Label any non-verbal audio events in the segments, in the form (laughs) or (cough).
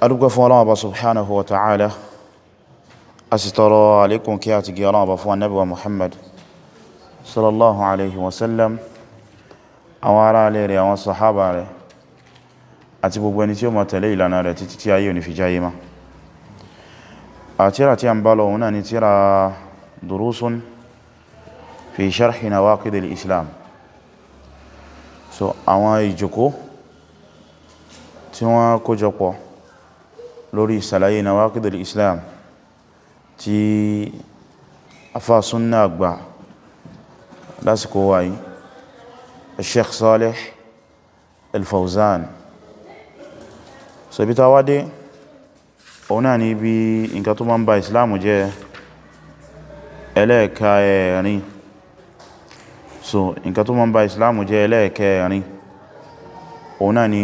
adúgbò fún ọlọ́wọ́ bá subhanahu wa ta'ala a sì tọrọ alékún kí a ti gẹ ọlọ́wọ́ bá fún annabuwa muhammad sallallahu alaihi wasallam àwọn ará alẹ́ rẹ̀ àwọn sahaba rẹ̀ àti gbogbo ẹni tí ó ma tẹ̀lé ìlànà rẹ̀ títí tí ayé òní fi jáyé ma a ń bá lọ òun náà ni tíra durusun fi sharhi nawaqidil islam so àwọn ìjòkó tí wọ́n kójọpọ̀ lórí ìsàlàyé nawaqidul islam tí afásúnnà àgbà lásìkò wáyé sheikh salih al-fawzan so ibi ta wádé òun náà ni ibi nǹkan tó máa ń ba islam jẹ́ ẹlẹ́ẹ̀ka ẹ̀rin so nǹkan tó máa ń ba islam jẹ́ ẹlẹ́ẹ̀ka ẹ̀rin òun náà ni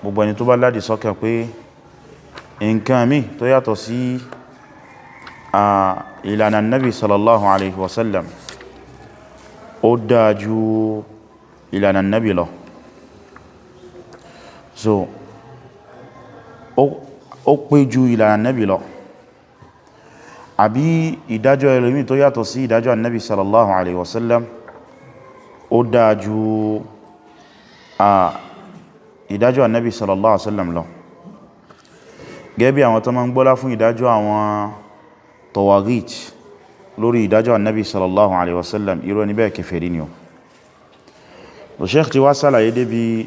gbogbo ẹni tó bá ládìí sọ́kàn pé nǹkan mi tó yàtọ̀ sí ìlànà nabi sallallahu alaihi wasallam ó dájú ìlànà nabi lọ so ó pé ju ìlànà nabi lọ àbí ìdájọ́ ẹlòmí tó yàtọ̀ sí ìdájọ́ annabi sallallahu alaihi wasallam ó dájú ìdájọ́ annabi sallallahu alaihi wasallam lọ gẹ́bí àwọn tó ma ń gbọ́lá fún ìdájọ́ àwọn tawagit lórí ìdájọ́ annabi sallallahu alaihi wasallam irú ẹni bẹ́ẹ̀ kèfèrí ni o so sheikh ti wá sálàyé débi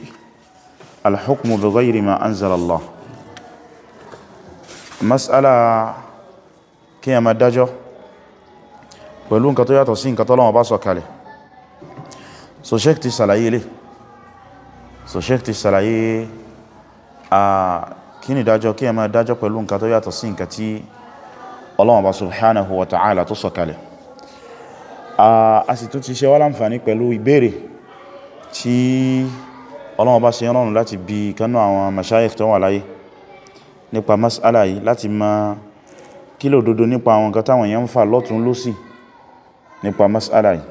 alhukmu bi ghayri ma anzalallah mas'ala kí a ma dájọ́ pẹ̀lú nǹkan tó yàtọ̀ sí nǹkan tó lọ́wọ́ bá sọ kalẹ̀ so sheikh ti sálàyé ilé so sheikh ti sálàyé a ah, kí ni dájọ́ kí ẹ máa dájọ́ pẹ̀lú nǹkan tó yàtọ̀ sí nǹkan tí Ọlọ́run bá subhanahu wa ta'ala tó sọ̀kalẹ̀ a sì tún ti ṣe wá láǹfààní pẹ̀lú ìbéèrè tí Ọlọ́run bá ṣe rọrùn láti bi kanú àwọn mashayikh tó wà láyé nípa mas'ala yìí láti ma kí dodo nípa àwọn nǹkan táwọn èèyàn ń fà lọ́tún lósì nípa mas'ala yìí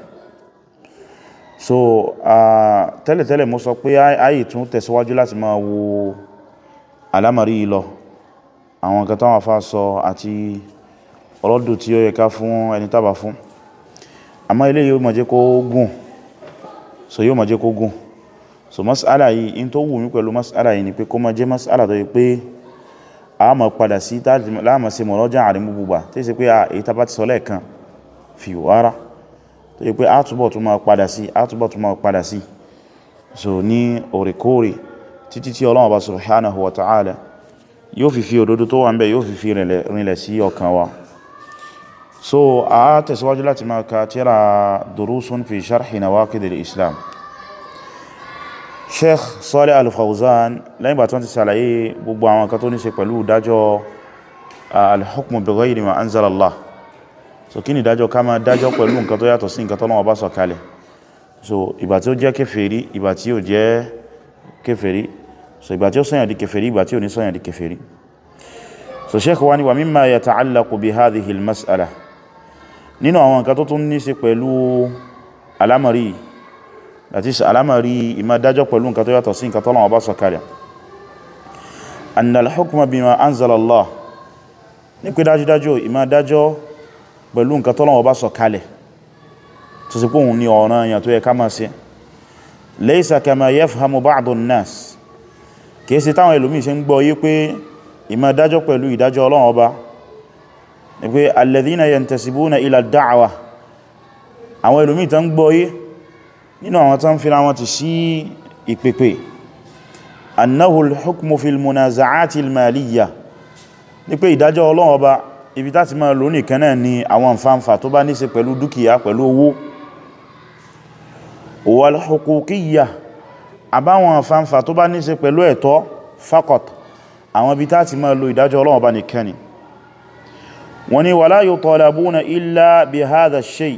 so tẹ́lẹ̀tẹ́lẹ̀ mo sọ pé ayì tún tẹ̀síwájú láti máa wo alámàrí ìlọ àwọn nǹkan táwọn afá sọ àti ọlọ́dù tí ó yẹ ká fún ẹni tàbà fún àmọ́ ilé yóò máa kó gùn so yóò máa kó gùn so mas'ala yìí in tó wù mí pẹ̀lú mas'ala yìí ni pé kó máa mas'ala tó yẹ pé a máa padà sí láàmà sí mọ̀rọ́jà àrímú tí ó sì pé a túbọ̀ tún máa padà a túbọ̀ tún máa padà sí so ní òrèkóòrè títí tí Ọlọ́run Ọba subhanahu wa ta'ala yóò fi fi òdodo tó wà ń bẹ̀ yóò fi fi rinlẹ̀ sí ọkàn wa so a tẹ̀síwájú láti máa ka tírà durusun fi sharhi nawaqid al-islam sheikh Salih al-Fawzan lẹ́yìn bá tí wọ́n ti sàlàyé gbogbo àwọn kan so kí ni dájọ́ ká máa dájọ́ pẹ̀lú nǹkan tó yàtọ̀ so ìgbà tí ó jẹ́ kèfèrí ìgbà tí ó jẹ́ kèfèrí so ìgbà tí ó sọ́yàn di kèfèrí ìgbà tí ò ní sọ́yàn di kèfèrí so sheikh wani wa mimma yata'allaqu bi hadhihi al-mas'ala nínú àwọn nǹkan tó tún ní ṣe pẹ̀lú alamari that is alamari ìmá dájọ́ pẹ̀lú nǹkan tó yàtọ̀ sí nǹkan tọ́lọ̀ ọba sọ̀kalẹ̀ anna al-hukma bima anzala Allah ní tó sì pé òun ni kìí ṣe táwọn ẹlòmíì ṣe ń gbọ́ yí pé ìmọ̀ dájọ́ pẹ̀lú ìdájọ́ ọlọ́run ọba ni pé alladhina yantasibuna ila da'wa àwọn ẹlòmíì tán gbọ́ yí nínú àwọn tán fi wọn ti sí ìpèpè annahu al-hukmu fil àbáwọn fanfà tó bá níṣe pẹ̀lú ẹ̀tọ́ fakọt àwọn ibi táti máa lo ìdájọ́ Ọlọ́run bá nìkan ni wọ́n ni wala yutalabuna illa bi hadha shay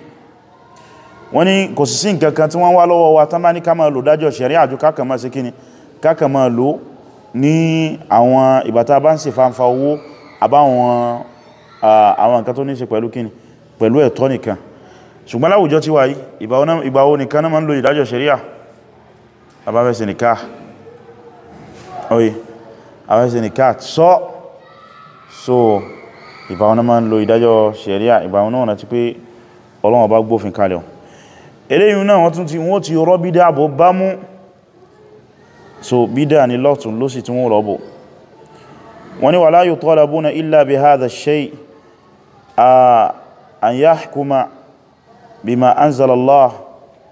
wọ́n ni kò sí sí nǹkankan tí wọ́n wá lọ́wọ́ wa tán bá ní ká máa lo dájọ́ ṣẹ̀rí àjò káàkà máa ṣe kíni káàkà máa lo ní àwọn ìbátá bá ń ṣe fanfà owó àbáwọn àwọn abáfẹ́sẹ̀ nìká oye abáfẹ́sẹ̀ nìká sọ so ìbáwọn náà ma ń lo ìdájọ́ sẹ̀ríà ìbáwọn náà na ti pé Ọlọ́run bá gbófin kalẹ̀ eléyìn náà wọ́n tún ti wọ́n ti rọ́ bídá bó bá mú so bídá ni lọ́tún ló sì tún wọ́n rọ́bọ̀ wọ́n ni wala yutalabuna illa bi hadha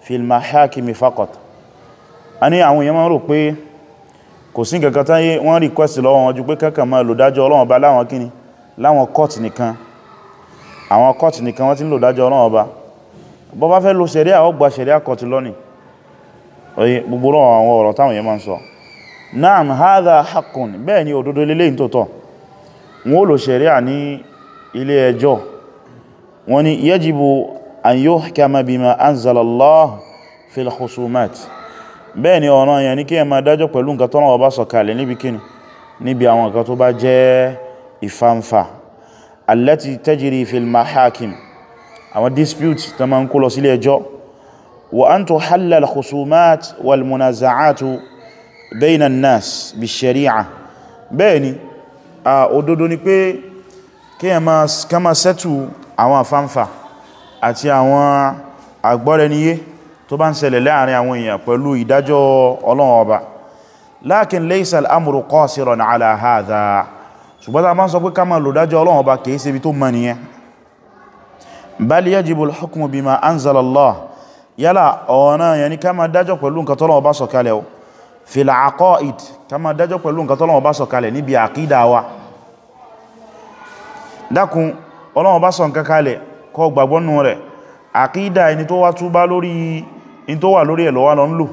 fil mahakimi faqat a ní àwọn èèyàn máa rò pé kò sí nǹkan táyé wọ́n request lọ́wọ́ wọn ju pé kankan máa lò dájọ́ Ọlọ́run ọba láwọn kíni láwọn court nìkan àwọn court nìkan wọ́n ti ń lò dájọ́ Ọlọ́run ọba bọ́ bá fẹ́ lo ṣẹ̀ríà ó gba ṣẹ̀ríà court lónìí oye gbogbo àwọn ọ̀rọ̀ táwọn èèyàn máa ń sọ naam fil khusumat bẹ́ẹ̀ ni ọ̀ràn yẹn ní kí ẹ máa dájọ́ pẹ̀lú nǹkan tọ́nà ọba sọ̀kalẹ̀ níbi kíni níbi àwọn nǹkan tó bá jẹ́ ìfàǹfà allati tajri fil mahakim àwọn dispute tó máa ń kó lọ sílé ẹjọ́ wa an tuhalla al khusumat wal munaza'atu bayna nas bi shari'a bẹ́ẹ̀ ni a òdodo ni pé kí ẹ máa sẹ́tù àwọn àfàǹfà àti àwọn àgbọ́rẹniyé tó bá ń ṣẹlẹ̀ láàrin àwọn èèyàn pẹ̀lú ìdájọ́ ọlọ́run ọba lakin laysa al-amru qasiran ala hadha ṣùgbọ́n ta bá ń sọ pé ká máa lò dájọ́ ọlọ́run ọba kìí ṣe bí tó mọ̀ nìyẹn bal yajibu al-hukmu bima anzala Allah yálà ọ̀nà yẹn ni ká máa dájọ́ pẹ̀lú nǹkan tọ́lọ́run ọba sọ̀kalẹ̀ o fil aqaid ká ẹni tó wá túbá lórí in tó wà lórí ẹ̀ lọ́wà lọ ń lò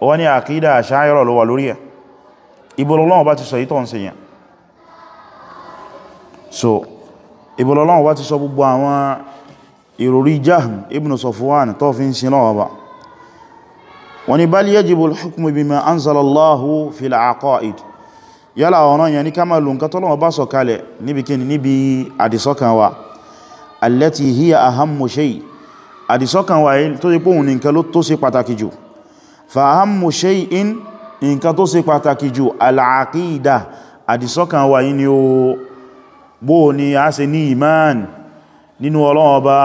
wọ́n ni àkídà àṣáyọ́rọ̀ lọ́wà lórí ẹ̀ ìbọ̀lọ́wọ́ bá ti sọ ìtọ́ ǹsẹ̀ yẹn so ìbọ̀lọ́wọ́ bá ti sọ gbogbo àwọn ìròrí Jahm ibn Safwan tó fi ń sin lọ́wọ́ bá wọ́n ni bal yajibu al-hukmu bima anzala bá sọ kalẹ̀ níbi kíni níbi àdìsọ́kàn wáyé tó ṣe pòun ní nǹkan tó ṣe pàtàkì jù fàámù ṣe in nǹkan tó ṣe pàtàkì jù al-aqida àdìsọ́kàn wáyé ni ó bó ni a ṣe ní iman nínú Ọlọ́run Ọba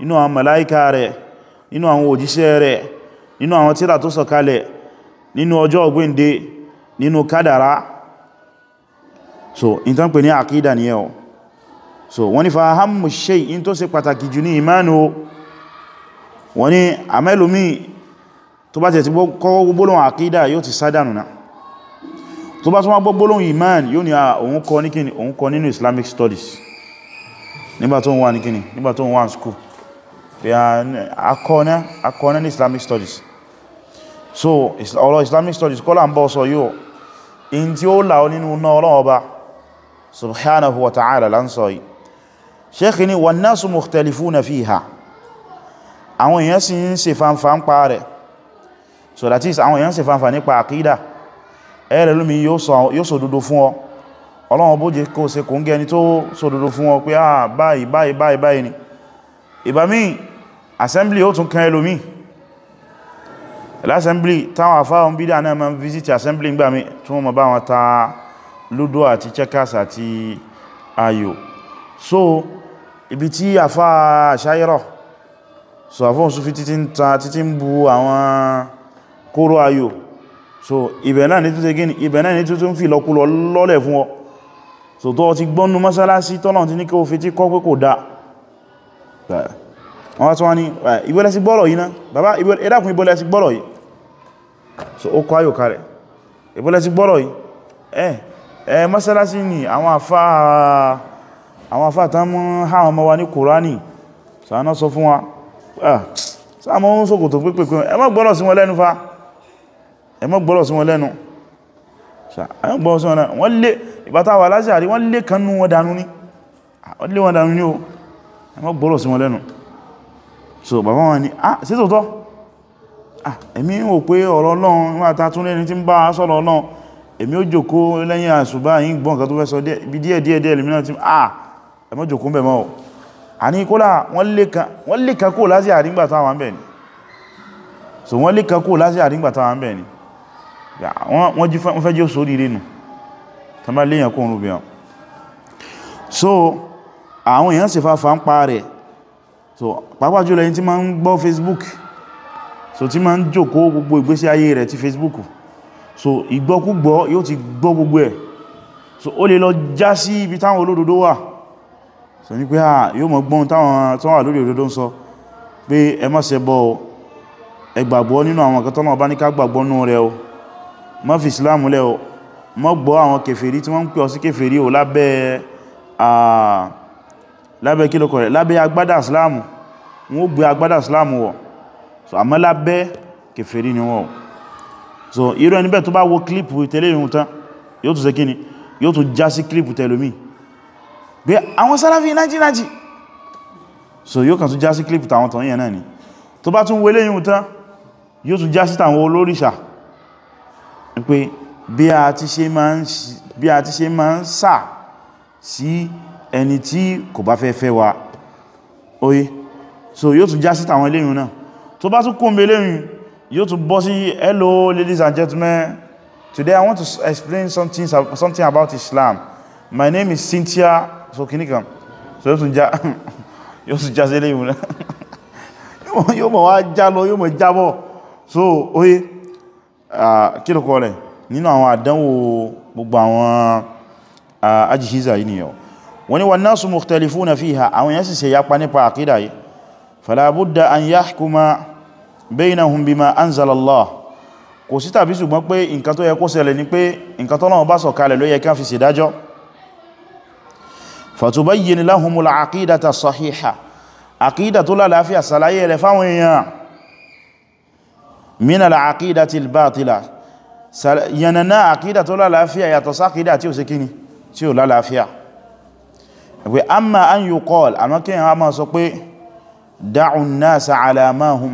nínú àwọn màláíkà rẹ̀ nínú àwọn òjíṣẹ́ rẹ̀ nínú àwọn tírà tó sọ̀kalẹ̀ nínú ọjọ́ ọgbẹ́nde nínú kádàrá so in tán pè ní àkídà ni ẹ̀ so wọ́n ni fàámù ṣe in tó ṣe pàtàkì jù ní imanu wọ́n ní àmẹ́lòmí tó bá tẹ̀ tí kọ́wọ́ gbólóhùn àkídà yóò ti sádànù náà tó bá tún wá gbọ́ gbólóhùn iman yóò ní òun kọ́ níkíni òun kọ́ nínú islamic studies nígbà tó ń wà níkíni nígbà tó ń wà school akọ́ná islamic studies àwọn èèyàn sì ń ṣe fanfa ń pa rẹ̀ so that is àwọn èèyàn ṣe fanfa nípa àkídà ẹ̀rẹ̀ lómi yóò sòdodo fún ọ ọlọ́wọ́n bó jẹ́ kó ṣe kò ń gẹni tó sòdodo fún ọ pé ah ni ìbámí assembly ó tún kan ẹlòmí l'assembly táwọn afáwọn bídá náà assembly ń gbà mí tí wọ́n ma bá so ibi tí afá so àfọ́n Sufi títí ń ta títí ń bu àwọn kóró ayò so ibẹ̀ náà ní túnṣe gíní ibẹ̀ náà ní túnṣe ń fi lọ́kúlọ lọ́lẹ̀ fún ọ so tó ti gbọ́nnu mọ́sálásí tọ́nà ti ní kí o fi tí kọ́ pé kò dá wọ́n wá tó wá ní ìbẹ̀lẹ̀ sí gbọ́rọ̀ yìí so ó kọ́ ayò kalẹ̀ ìbẹ̀lẹ̀ sí gbọ́rọ̀ ni àwọn àfáà àwọn àfáà tán mú hàn ọmọ wa ní kòránì Ah, sáàmọ́ ń sókò tó pépèpé ẹ má gbọ́rọ̀ sí wọn lẹ́nu fa ẹ má gbọ́rọ̀ sí wọn lẹ́nu wọ́n lé ìbátáwà aláṣẹ́ àrí wọ́n lé kanú wọn dànù ní ah, wọ́n lé wọn dànù ní o ẹ má gbọ́rọ̀ sí wọn lẹ́nu so bàbá wọn ni ah sí tòótọ́ ah èmi ò pé ọ̀rọ̀ Ọlọ́run nígbàtà tún lẹ́ni tí ń bá sọ̀rọ̀ Ọlọ́run èmi ó jòkó lẹ́yìn àṣùgbà yìí gbọ́n kan tó fẹ́ sọ díẹ̀ díẹ̀ díẹ̀ ah ẹ má jòkó ń bẹ̀ àní kólà wọ́n lè kankó lásì àrígbàtà wà ń bẹ̀ so wọ́n lè kankó lásì àrígbàtà wà ń bẹ̀ ni wọ́n fẹ́ jí ó sórí rénù tàbí léyàn kó rúbí wọn so àwọn èèyàn sì fàfà ń pa rẹ̀ so pàápàá jùlọ yìí tí ma ń gbọ́ Facebook so tí ma ń jòkó gbogbo ìgbésí ayé rẹ̀ ti Facebook so ìgbọ́kúgbọ́ yóò ti gbọ́ gbogbo ẹ̀ so ó lè lọ já sí ibi táwọn olódodo wà so ní pé à ah, yóò mọ̀ gbọ́n táwọn tó wà lórí òdodo ń sọ pé ẹ má ṣe bọ́ ẹ gbàgbọ́ nínú àwọn kan tọ́nà ọba ní ká gbàgbọ́ nú rẹ o má fi Islam lẹ o má gbọ́ àwọn kèfèrí tí wọ́n ń pè ọ sí kèfèrí o lábẹ́ lábẹ́ rẹ̀ lábẹ́ agbádá Islam wọ́n gbé agbádá Islam wọ̀ so àmọ́ lábẹ́ kèfèrí ni wọ́n so irú ẹni bẹ́ẹ̀ tó bá wo kílípù tẹ́lẹ̀ yóò tún ṣe kíni yóò tún já sí kílípù tẹ́lómìí bí àwọn Salafi 1990 so yóò kàn tún já sí clip tàwọn tọ̀yìn náà ni tó bá tún wọlé yìí tán yóò tún já sí tàwọn olóríṣà pé bí a ti ṣe máa ń sà sí ẹni tí kò bá fẹ́ fẹ́ wa oye so yóò tún já sí tàwọn eléyìn náà tó bá tún kún beléyìn yóò tún bọ́ sí hello ladies and gentlemen today i want to explain something, something about Islam my name is Cynthia so kìní kan so yóò tún já (laughs) yóò tún já sílé ìwúrẹ́ (laughs) yóò mọ̀ wá já lọ yóò mọ̀ jábọ̀ so oye kílùkọ́ rẹ̀ nínú àwọn àdánwò gbogbo àwọn ajihiza yìí nìyàn wọ́n ni wọ́n nasu mukhtalifuna fiha àwọn yẹn sì ṣe yapa nípa àkídà yìí falabudda an yahkuma bainahum bima anzala Allah kò sí tàbí ṣùgbọ́n pé nǹkan tó yẹ fatubayyin lahumul aqidata sahiha aqida tó lálàáfíà sàlàyé rẹ̀ fáwọn èèyàn min al-aqidati al-batila yanana aqida tó lálàáfíà yàtọ̀ sáàkídà tí ó ṣe kíni tí ó lálàáfíà wí amma an yuqal àmọ́ kí a máa sọ pé da'u an-nasa ala ma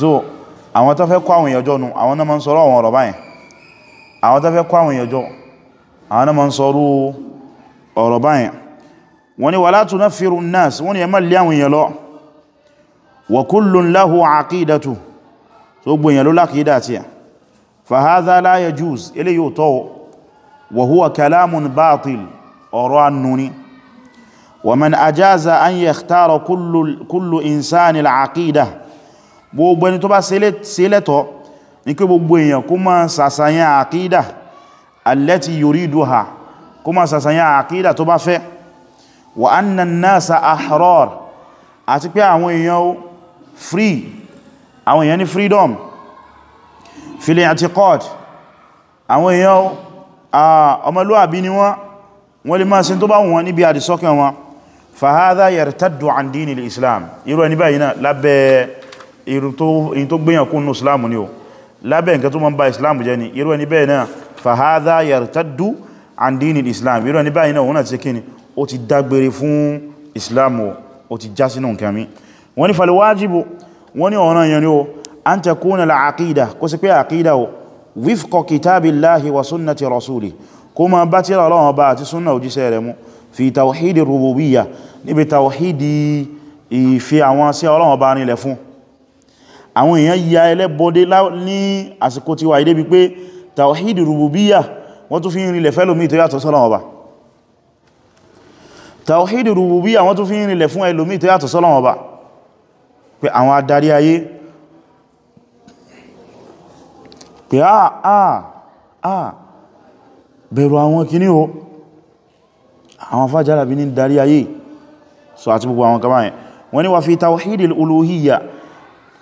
so àwọn tó fẹ́ kó àwọn èèyàn jọ nù àwọn náà ma ń sọ àwọn ọ̀rọ̀ báyìí àwọn tó fẹ́ kó àwọn èèyàn jọ àwọn náà ma ń sọ ọ̀rọ̀ báyìí wọ́n ni wala tunaffiru an-nas wọ́n ni ẹ má lé àwọn èèyàn lọ wa kullun lahu aqidatu tó gbò èèyàn ló lákìídà gbogbo ẹni tó bá ṣe lẹ́tọ́ ní pé gbogbo èèyàn kó máa sàṣàyàn àkídà allati yuriduha kó máa sàṣàyàn àkídà tó bá fẹ́ wa anna an-nasa ahrar àti pé àwọn èèyàn ó free àwọn èèyàn ní freedom fil i'tiqad àwọn èèyàn ọmọlúwàbí ni wọ́n wọ́n lè máa sin tó bá wọn níbi àdìsọ́kàn wọn fa yartaddu an dinil islam irú ẹni báyìí náà lábẹ́ irun tó gbéyàn kún islamu ni o lábẹ́ nǹkan tó mọ́ bá islamu jẹ́ ni irú ẹni bẹ́ẹ̀ náà fahadha yartaddu an dinil islam irú ẹni báyìí náà wọ́n náà ti kíni ó ti dágbére fún islamu ó ti já sínú nǹkan mi wọ́n ni falwajibu wọ́n ni ọ̀ràn yẹn ni o an takuna al-aqida kó sí pé aqida o wifqa kitabillahi wa sunnati rasuli kó ma bá tíra ọlọ́run ọba àti súnnà òjíṣẹ́ rẹ̀ mú fi tawhidi rububiyya níbi tawhidi ìfi àwọn sí ọlọ́run ọba nílẹ̀ fún àwọn èèyàn ya ẹlẹ́bọdé ní àsìkò tí wà ìdébi pé tawhid rububiyya wọ́n tún fi ń rinlẹ̀ fẹ́lòmí tó yàtọ̀ sọ́lọ́wọ́ bá tawhid rububiyya wọ́n tún fi ń rinlẹ̀ fún ẹlòmí tó yàtọ̀ sọ́lọ́wọ́ bá pé àwọn adarí ayé pé àà àà àà bẹ̀rù àwọn kìíní o àwọn fàjára bí ní darí ayé so àti gbogbo àwọn kama yẹn wọ́n ni wà fi tawhidil uluhiyya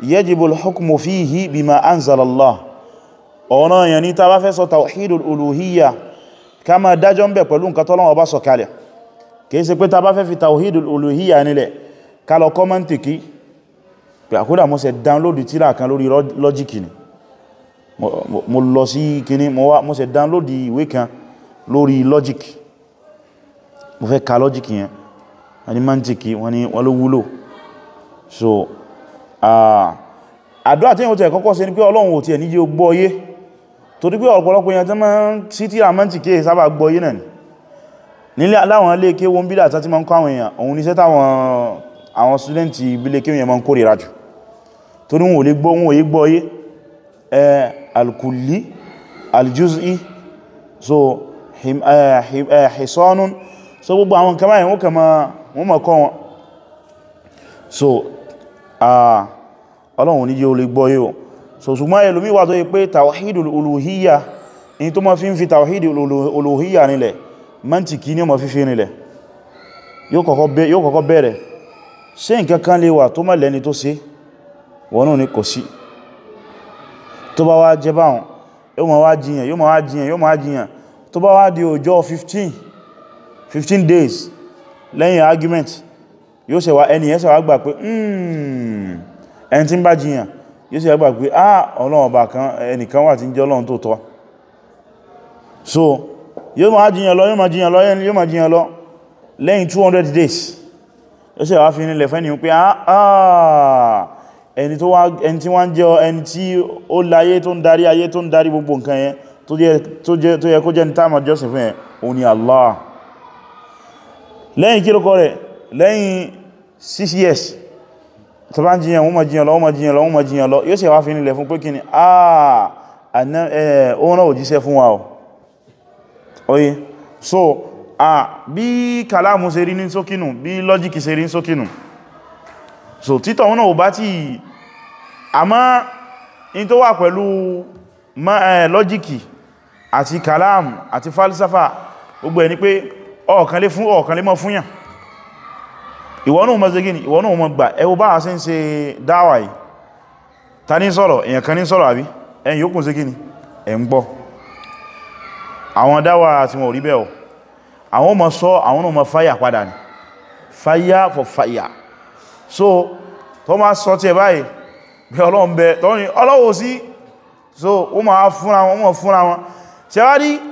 yajibul hukmu fihi bima anzalallah ọ̀nà yẹn ni ta bá fẹ́ sọ tawhidul uluhiyya ká ma dájọ́ ń bẹ̀ pẹ̀lú nǹkan tọ́lọ́wọ́ bá sọ kalẹ̀ kìí ṣe pé ta bá fẹ́ fi tawhidul uluhiyya nílẹ̀ kalọ̀ kọ́mọ́ntì pẹ̀ àkúdà mo dánlódì tíra kan lórí lọ́jíkì so Ah, àdúrà tí yíò tẹ̀ kọ́kọ́ sí ni pé ọlọ́run ò tiẹ̀ níye gbọ́yé torí pé ọ̀pọ̀lọpọ̀ èèyàn tí máa ń sí tí àmọ́ntì kéè sábà gbọ́yé náà ni nílé aláwọn ilé kéwọ́ ń bídà tí máa ń kọ́ àwọn èèyàn òun ní sẹ́tà àwọn sílẹ́ntì ilé kéwọ́ yẹn máa ń kórìíra jù torí wọn ò lè gbọ́ wọn ò yé gbọ́yé eh, alkulli aljuz'i so eh, eh, hisanun so gbogbo àwọn kama yẹn wọ́n kama wọ́n mọ̀ kọ́ wọn so Ah, ọlọ́run ní yíò lè gbọ́ yíò so ṣùgbọ́n ẹlòmí wà tó yí pé tawhidul uluhiyya ní tó ma fi ń fi tawhidul uluhiyya nílẹ̀ mẹ́ntìkì ní ọmọ fífí nílẹ̀ yóò kọ́kọ́ bẹ̀rẹ̀ ṣe nǹkan kan lè wà tó mẹ́lẹ̀ ni tó ṣe wọ́n náà ní kò sí tó bá wá jẹ báhùn yóò ma wá jiyàn yóò ma wá jiyàn 15 15 days lẹ́yìn argument yóò ṣe wá ẹni ẹsẹ̀ wá gbà pé hmm, ẹni tí ń bá jiyàn yóò ṣe wá gbà pé ah ọlọ́run ọba kan ẹnìkan wà tí ń jẹ́ ọlọ́run tó tọ́ so yóò máa jiyàn lọ yóò máa jiyàn lọ yóò máa jiyàn lọ lẹ́yìn 200 days yóò ṣe wá fi nílẹ̀ fẹ́ni pé ah, ah ẹni tí wọ́n jẹ́ ẹni tí ó láyé tó ń darí ayé tó ń darí gbogbo nǹkan yẹn tó yẹ kó jẹ́ ní táàmà jọ́sìn fún ẹ̀ òun ni Allah lẹ́yìn kí lókọ rẹ̀ lẹ́yìn 6 years tó bá ń jiyàn wọ́n ma jiyàn lọ wọ́n ma jiyàn lọ wọ́n ma jiyàn lọ yóò sì wá fi nílẹ̀ fún pé kí ni ah, àà òun náà òjíṣẹ́ fún wa oye so à bí kàlámù ṣe rí ní sókínù bí lọ́jíkì ṣe rí ní sókínù so títọ̀ wọn náà ò bá tí àmá in tó wà pẹ̀lú lọ́jíkì àti kàlámù àti falsafa gbogbo ẹ̀ ni pé ọ̀kan lè fún ọ̀kan mọ́ fúnyàn ìwọ̀nù mazegini ìwọ̀nù mọ̀ gbà ẹwọ bá a sí ń ṣe dáwà yìí ta ní sọ̀rọ̀ èyàn kan ní sọ̀rọ̀ àbí ẹn yóò kún sí gini ẹ̀ ń gbọ́ àwọn dáwà tí wọ́n rí bẹ́ ọ̀ àwọn ọmọ sọ àwọn ọmọ fáyà padà ní fáyà for fáyà so tó máa sọ tí ẹ báyìí bí ọlọ́run bẹ tọ́rin ọlọ́wọ́ so ó máa fúnra wọn mọ̀ fúnra wọn ṣe wá rí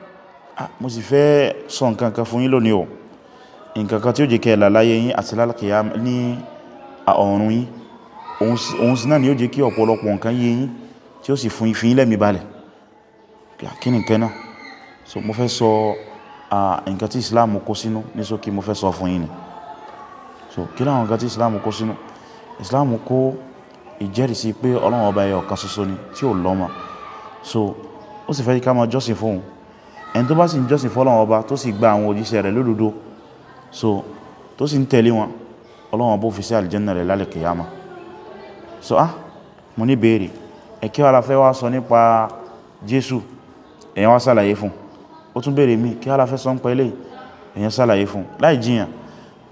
Ah, mo sì fẹ́ sọ nǹkan kan fún yín lónìí o nǹkan kan tí ó jẹ́ kẹ́ lálàyé yín àti lálàkìyà ní ọ̀run yín òun sì náà ni ó jẹ́ kí ọ̀pọ̀lọpọ̀ nǹkan yé yín tí ó sì fún ìfin ilẹ̀ mi balẹ̀ so mo fẹ́ sọ nǹkan tí Islam kó sínú fẹ́ so kí láwọn nǹkan tí Islam kó sínú Islam kó ìjẹ́rìsí pé Ọlọ́run ọba ẹyọ so ó sì fẹ́ ká máa jọ́sìn fóun ẹni tó bá sì ń jọ́sìn fọ́lọ́wọ́ ọba tó sì gba àwọn òjíṣẹ́ rẹ̀ lódodo so tó sì ń tẹ̀lé wọn Ọlọ́hun bó fi sí àlìjẹ́nà rẹ̀ lálẹ́ kìyàmá so ah mo ní béèrè ẹ̀kẹ́ wàlá fẹ́ wá sọ nípa Jésù èyàn wá sàlàyé fún ó tún béèrè mí kí wàlá fẹ́ sọ ń pa ilé èyàn sàlàyé fún láì jiyàn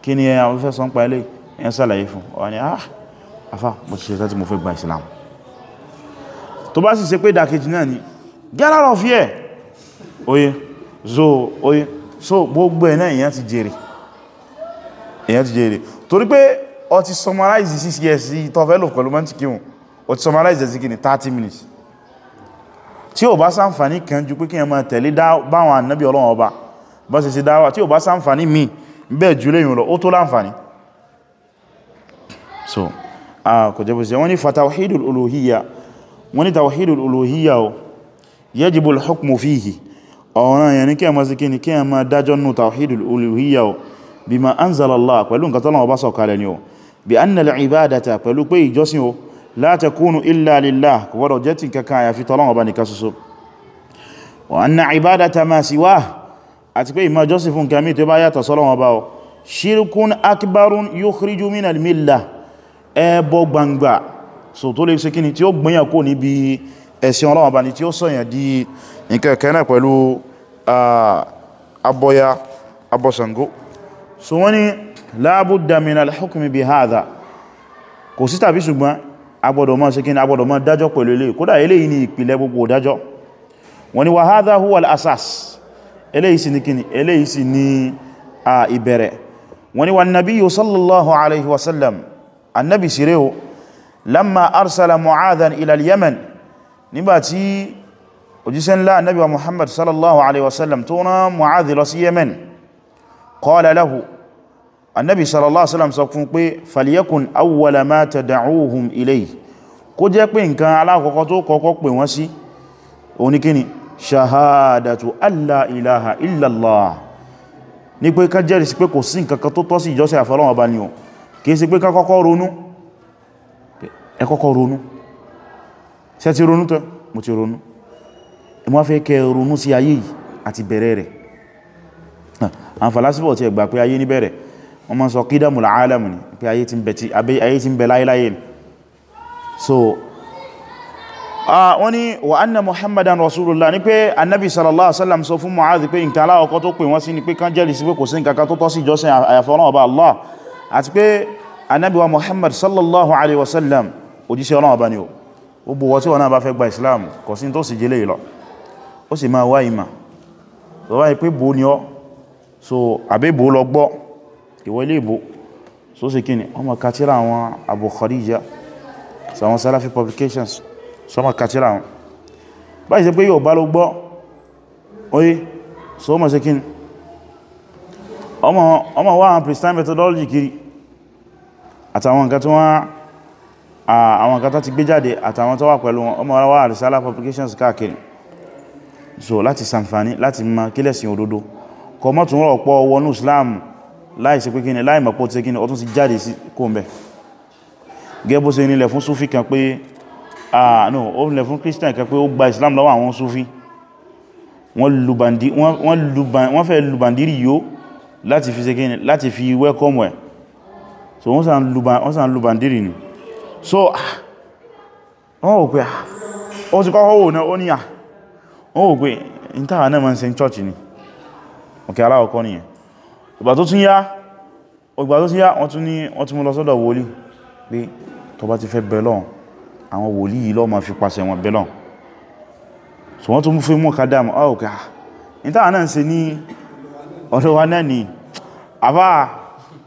kí ni èyàn fẹ́ sọ ń pa ilé èyàn sàlàyé fún ọ̀wà ni ah afá mo ti ṣe tẹ́tí mo fẹ́ gba Islam tó bá sì ṣe pé ìdàkejì náà ni get out of here oye so oye so gbogbo ẹ̀ náà èyàn ti jèrè èyàn ti jèrè torí pé ọ ti summarize 6 years tọ́fẹ́lò pẹ̀lú mọ́ ti kíhùn ọ ti summarize sí kìí 30 minutes tí ò bá sáǹfàní kan ju pé kí ẹ máa tẹ̀lé báwọn annabi ọlọ́wọ́ ọba bá ṣe ṣe dáwà tí ò bá sáǹfàní mi bẹ́ẹ̀ jù lẹ́yìn lọ ó tó láǹfàní so kò jẹ́ bó ṣe wọ́n ní fatawhidul uluhiyya wọ́n ní tawhidul uluhiyya o yajibul hukmu fihi ọ̀ràn yẹn ni kí a máa síkí ni kí a máa dájọ́ nù tawhidul uluhiyya o bí ma anzala Allah pẹ̀lú nǹkan tọ́lọ̀ ọba sọ̀kalẹ̀ ni o bí annal ibadata pẹ̀lú pé ìjọsìn o la takunu illa lillah kò gbọ́dọ̀ jẹ́ ti kankan àyàfi tọ́lọ̀ ọba nìkan ṣoṣo wa anna ibadata ma siwa àti pé ìmọ̀ jọ́sìn fún kàmí tó bá yàtọ̀ sọ́lọ̀ ọba o shirkun akbarun yukhriju ó gbìyànkó níbi ẹ̀sìn ọlọ́wọ́ bá tí ó sọ̀yàn di nǹkan kẹ́nà pẹ̀lú abọ́ya abọ́sàngó so wọ́n ni láàbùdà min al-hukmi bi hadha kò sí tàbí ṣùgbọ́n agbọ́dọ̀ mọ́ sí kí ní agbọ́dọ̀ mọ́ dájọ́ pẹ̀lú ilé kódà eléyìí ni ìpìlẹ̀ gbogbo dájọ́ wọ́n ni wa hadha huwa al-asas eléyìí sì ni kíni eléyìí sì ni a ìbẹ̀rẹ̀ wọ́n wa nabiyyu sallallahu alaihi wasallam annabi sireo lamma arsala mu'adhan ila al-yaman nígbàtí òjíṣẹ́ ńlá anábíwa muhammad sallallahu alaihi wasallam tó rán mu'adh lọ sí yemen qala lahu annabi sallallahu alaihi wasallam sọ fún pé falyakun awwala ma tad'uuhum ilayhi kó jẹ́ pé nǹkan alákọ̀ọ́kọ́ tó kọ́kọ́ pè wọ́n sí oníkíni shahadatu alla ilaha illallah ní pé ká jẹ́rìí sí pé kò sí nǹkan tó tọ́ sí ìjọsẹ̀ àfọlọ́wọ́ bá ní o kìí sí pé ká kọ́kọ́ ronú ẹ kọ́kọ́ ronú ṣé ti ronú tẹ́ mo ti ronú wọ́n fẹ́ kẹ ronú sí ayé yìí àti bẹ̀rẹ̀ rẹ̀ àwọn falasifọ̀ ti ẹgbà pé ayé ní bẹ̀rẹ̀ wọ́n ma sọ kídàmù láàálàmù ní pé ayé ti ń bẹ láyéláyé ni so wọ́n ni wà anna muhammadan rasulullah ní pé annabi sallallahu alaihi wasallam sọ fún mu'adh pé nǹkan aláwọ̀kọ́ tó pè wọ́n sí ni pé kan jẹ́rìí sí pé kò sí nǹkan tó tọ́ sí ìjọsìn àyàfọ́nà ọba allah àti pé annabi wa muhammad sallallahu alaihi wasallam gbogbo wọ́n tí wọ́n náà bá fẹ́ gba islam kò tó sì jẹ́lẹ̀ ìlọ́ ó sì máa wá ìmà tó wáyé pé bó ní ọ́ so àbébò lọ gbọ́ ìwọ ilé ìbò so sì kí ni ọmọ kàtíra àwọn Abu Khadija so àwọn Salafi publications so ọmọ kàtíra àwọn báyìí sí pé yóò bá ló gbọ́ oye so ọmọ sí kí ni ọmọ wá àwọn pristine methodology kiri àtàwọn nǹkan tó wọ́n àwọn nǹkan tó ti gbé jáde àtàwọn tó wà pẹ̀lú wọn ọmọ wá àrísálà publications káàkiri so láti sànfàní láti ma kílẹ̀ sí òdodo kọ mọ́ tún rọ̀pọ̀ wọnú islam láìsí pé kíni láì mọ̀pọ̀ tí kíni ọdún sí jáde sí kóòmẹ́ gẹ́bó se nílẹ̀ fún súfí kan pé ah no ó nílẹ̀ fún christian kan pé ó gba islam lọ́wọ́ àwọn súfí wọ́n fẹ́ lùbàndírì yóò láti fi ṣe kíni láti fi wẹ́kọ́mù ẹ̀ so wọ́n sàn lùbàndírì ni so ah, wọ́n wò pé ah, ó ti kọ́kọ́ wò náà ó ní à ah, wọ́n wò pé in tàà náà ma ń ṣe chọ́ọ̀chì ni ọ̀kẹ́ aláwọ̀kọ́ nìyẹn ìgbà tó tún yá ìgbà tó tún yá wọ́n tún ní wọ́n tún mú lọ sọ́dọ̀ wòlíì pé tó bá ti fẹ́ bẹ̀lọ́n àwọn wòlíì yìí ló ma fi pàṣẹ wọn bẹ̀lọ́n so wọ́n tún fi mú kádàm ọ̀kẹ́ in tàà náà ń ṣe ní ọ̀dọ̀ wa náà ni àbá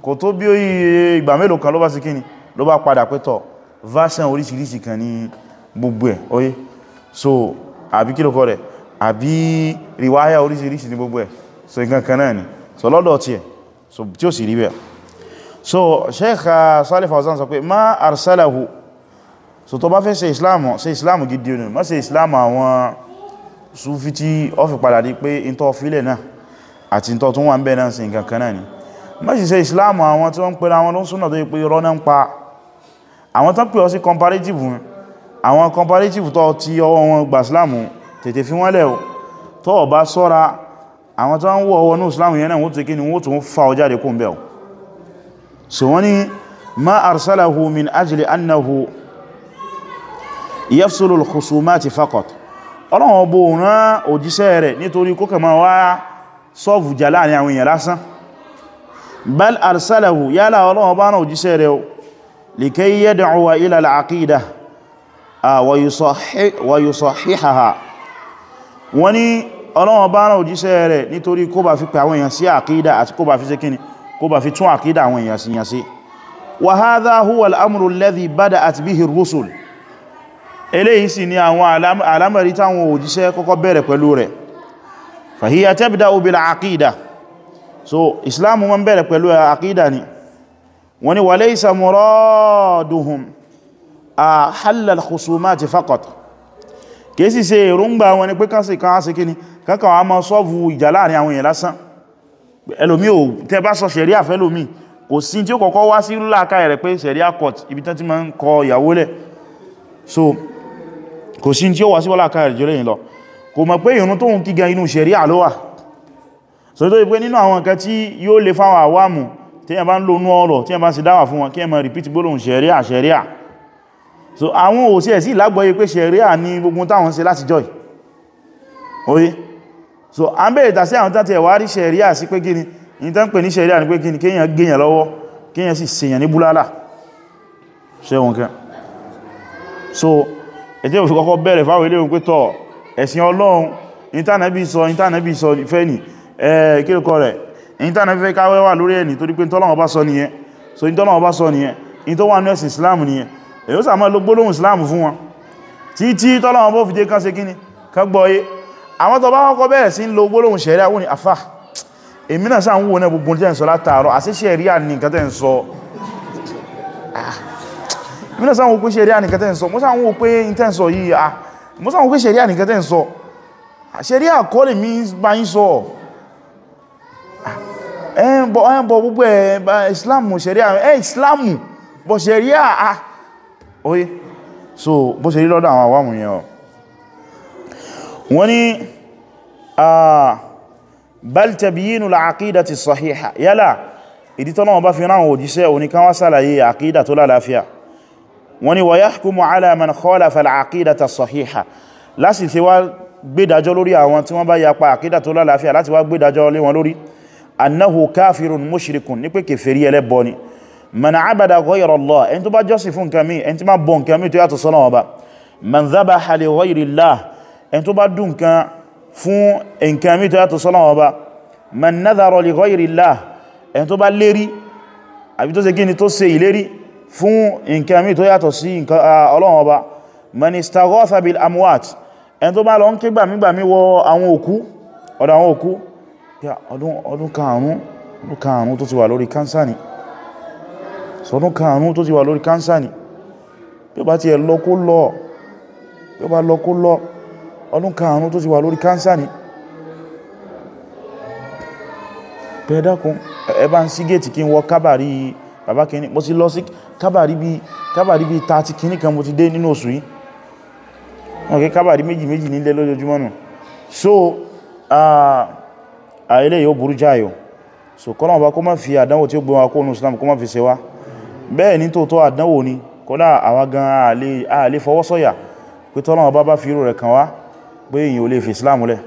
kò tó bí ó yí ìgbà mélòó kan ló bá sí kíni ló bá padà pẹ́tọ̀ version oríṣiríṣi kan ní rẹ̀ àbí riwaya oríṣiríṣi ní gbogbo ẹ̀ so ìkankan náà ni so lọ́dọ̀ tí ẹ̀ so tí ó sì rí bẹ́ẹ̀ so Sheikh uh, Salih Fawzan sọ pé ma arsalahu so tó bá fẹ́ ṣe islamu ṣe islamu gidi ni ma ṣe islamu àwọn sufi tí ó fi padà di pé intọ́ filẹ̀ náà àti intọ́ tún wà ń bẹ̀ náà sí nǹkan kan náà ni ma ṣe ṣe islamu àwọn tí wọ́n ń pèrè àwọn lóṣùnà tó yí pé rọ́nà ń pa àwọn tán pè ọ sí comparative àwọn comparative tó ti ọwọ́ wọn gbà islamu tètè fi wọ́n lẹ̀ o tọ́ ọ̀bá sọ́ra àwọn tó ń wọ́ ọwọ́ ní islam yẹn náà wọ́n ti kí ni wọ́n tó ń fa ọjá dé kún bẹ́ẹ̀ so wọ́n ni ma arsalahu min ajli annahu yafsulu khusumati faqat ọlọ́run ọbọ̀ òun òjíṣẹ́ rẹ̀ nítorí kókà máa wá sọ́ọ̀fù jà láàrin àwọn èèyàn lásán bal arsalahu yálà ọlọ́run bá náà òjíṣẹ́ rẹ̀ likay yad'u ila al-aqida wa yusahhihaha wọ́n ní ọlọ́wọ́n bá rán òjíṣẹ́ rẹ̀ nítorí kó bá fi pẹ àwọn èèyàn sí àkídà àti kó bá fi ṣe kíni kó bá fi tún àkídà àwọn èèyàn sí yàn sí wa hadha huwa al-amru alladhi bada'at bihi eléyìí ni àwọn alámẹ̀rí táwọn òjíṣẹ́ kọ́kọ́ bẹ̀rẹ̀ pẹ̀lú rẹ̀ fàhíyà kèsì se èròǹgbà wọn ni pé káṣì kan áṣì kí ni kankan wọn a mọ́ sọ́ọ̀fù ìjà láàrin àwọn èèyàn lásán ẹlòmí ò tẹ́ bá sọ ṣẹ̀ríà fẹ́lòmí kò sí tí ó kọ́kọ́ wá sí láàká rẹ̀ pé ṣẹ̀ríà court ibi tán ti máa ń kọ ìyàwó lẹ̀ so kò sí tí ó wá sí láàká rẹ̀ jọ lẹ́yìn lọ kò mọ̀ pé ìrun tóun kí gan inú ṣẹ̀ríà ló wà so tó pé nínú àwọn nǹkan tí yóò le fáwọn àwàmù tí ẹ bá ń lo nú ọ̀rọ̀ tí ẹ bá ń sì dáwà fún wọn so àwọn òsí ẹ̀ sí ìlágbọ́yé pé ṣẹ̀ríà ní gbogbo táwọn ṣe láti jọ́ oye so a ń bèèrè tàṣí àwọn tàbí ẹ̀wà rí ṣẹ̀ríà sí pé gíní ní tán pè ní ṣẹ̀ríà ní pé gíní kíyàn gíyàn lọ́wọ́ kíyàn sì ṣèyàn ní búlálà ṣẹ́wọ̀n kẹ́ so ẹjẹ́ òfin kọ́kọ́ bẹ̀rẹ̀ fáwọn ilé pé tọ́ ẹ̀sìn ọlọ́run ìtànàbí sọ ìtànàbí sọ ìfẹ́ nì kílùkọ rẹ̀ ìtànàbí fẹ́ káwẹ́ wà lórí ẹni torí pé ìtọ́lọ́wọ́ bá sọ nìyẹn so ìtọ́lọ́wọ́ bá sọ nìyẹn ìtọ́wà ní ẹ̀sìn Islam èyí ó sàmọ́ ló gbólóhùn islam fún wọn tí tí tọ́lọ́wọ́n bó fi dé kán ṣe kíní kán gbọ́yé àwọn tó bá kọ́kọ́ bẹ̀rẹ̀ sí lo gbólóhùn ṣẹ̀ríà wọ́n ni afá èmi náà sáà ń wò náà gbogbo tẹ́ ń sọ látàárọ̀ àti ṣẹ̀ríà ní nǹkan tẹ́ ń sọ ah, èmi náà sáà ń wò pé ṣẹ̀ríà ní nǹkan tẹ́ ń sọ mo sáà ń wò pé tẹ́ ń sọ yìí à ah, mo ah, gbogbo ẹ̀ Islam ṣẹ̀ríà ẹ̀ Islam bọ̀ ṣẹ̀ríà ah oye so bó ṣe rí lọ́dọ̀ àwọn àwámù yẹn ọ̀ wọ́n ni bal tabyinu al-aqidati as-sahiha yálà ìdí tọ́nà ọba fi ránwọ̀ òjíṣẹ́ oníkan wá sàlàyé àkídà tó lálàáfíà wọ́n ni wa yahkumu ala man khalafa al-aqidata as-sahiha láti ṣe wá gbédájọ́ lórí àwọn ni man abada ghayra Allah ẹni tó bá jọ́sìn fún nǹkan mi ẹni tí ma bọ nǹkan mi tó yàtọ̀ sọ́nà ọba man dhabaha li ghayri Allah ẹni tó bá dùn nǹkan fún nǹkan mi tó yàtọ̀ sọ́nà ọba man nadhara li ghayri Allah ẹni tó bá lérí àbí tó ṣe gíní tó ṣe ìlérí fún nǹkan mi tó yàtọ̀ sí Ọlọ́run ọba man istaghatha bil amwat ẹni tó bá lọ ń ké gbàmígbàmí wọ àwọn òkú ọ̀dọ̀ àwọn òkú ọdún karùn-ún tó ti wà lórí kánsá ni sọdún karùn-ún tó ti wà lórí kánsà ni bí ó bá ti ẹ̀ lọ kó lọ bí ó bá lọ kó lọ ọdún karùn-ún tó ti wà lórí kánsà ni pẹ̀ẹ́dàkùn ẹbá ń sí gẹ́ẹ̀tì kí n wọ kábàrí bàbá kìíní mo ti lọ sí kábàrí bí kábàrí bí ta ti kìíní kan mo ti dé nínú oṣù yìí wọ́n kí kábàrí méjì méjì nílé lójoojúmọ́ nù so ààrẹ yóò burú jáyọ so kọ́nà ọba kó má fi àdánwò tí ó gbé wa kó nù Islam kó má fi ṣe wá bẹ́ẹ̀ ní tóòtọ́ àdánwò ni kọ́lá àwa gan a lè fọwọ́ sọ̀yà pé tọ́lọ́wọ́ bá bá fi irú rẹ̀ kàn wá pé èyàn ò fi Islam lẹ̀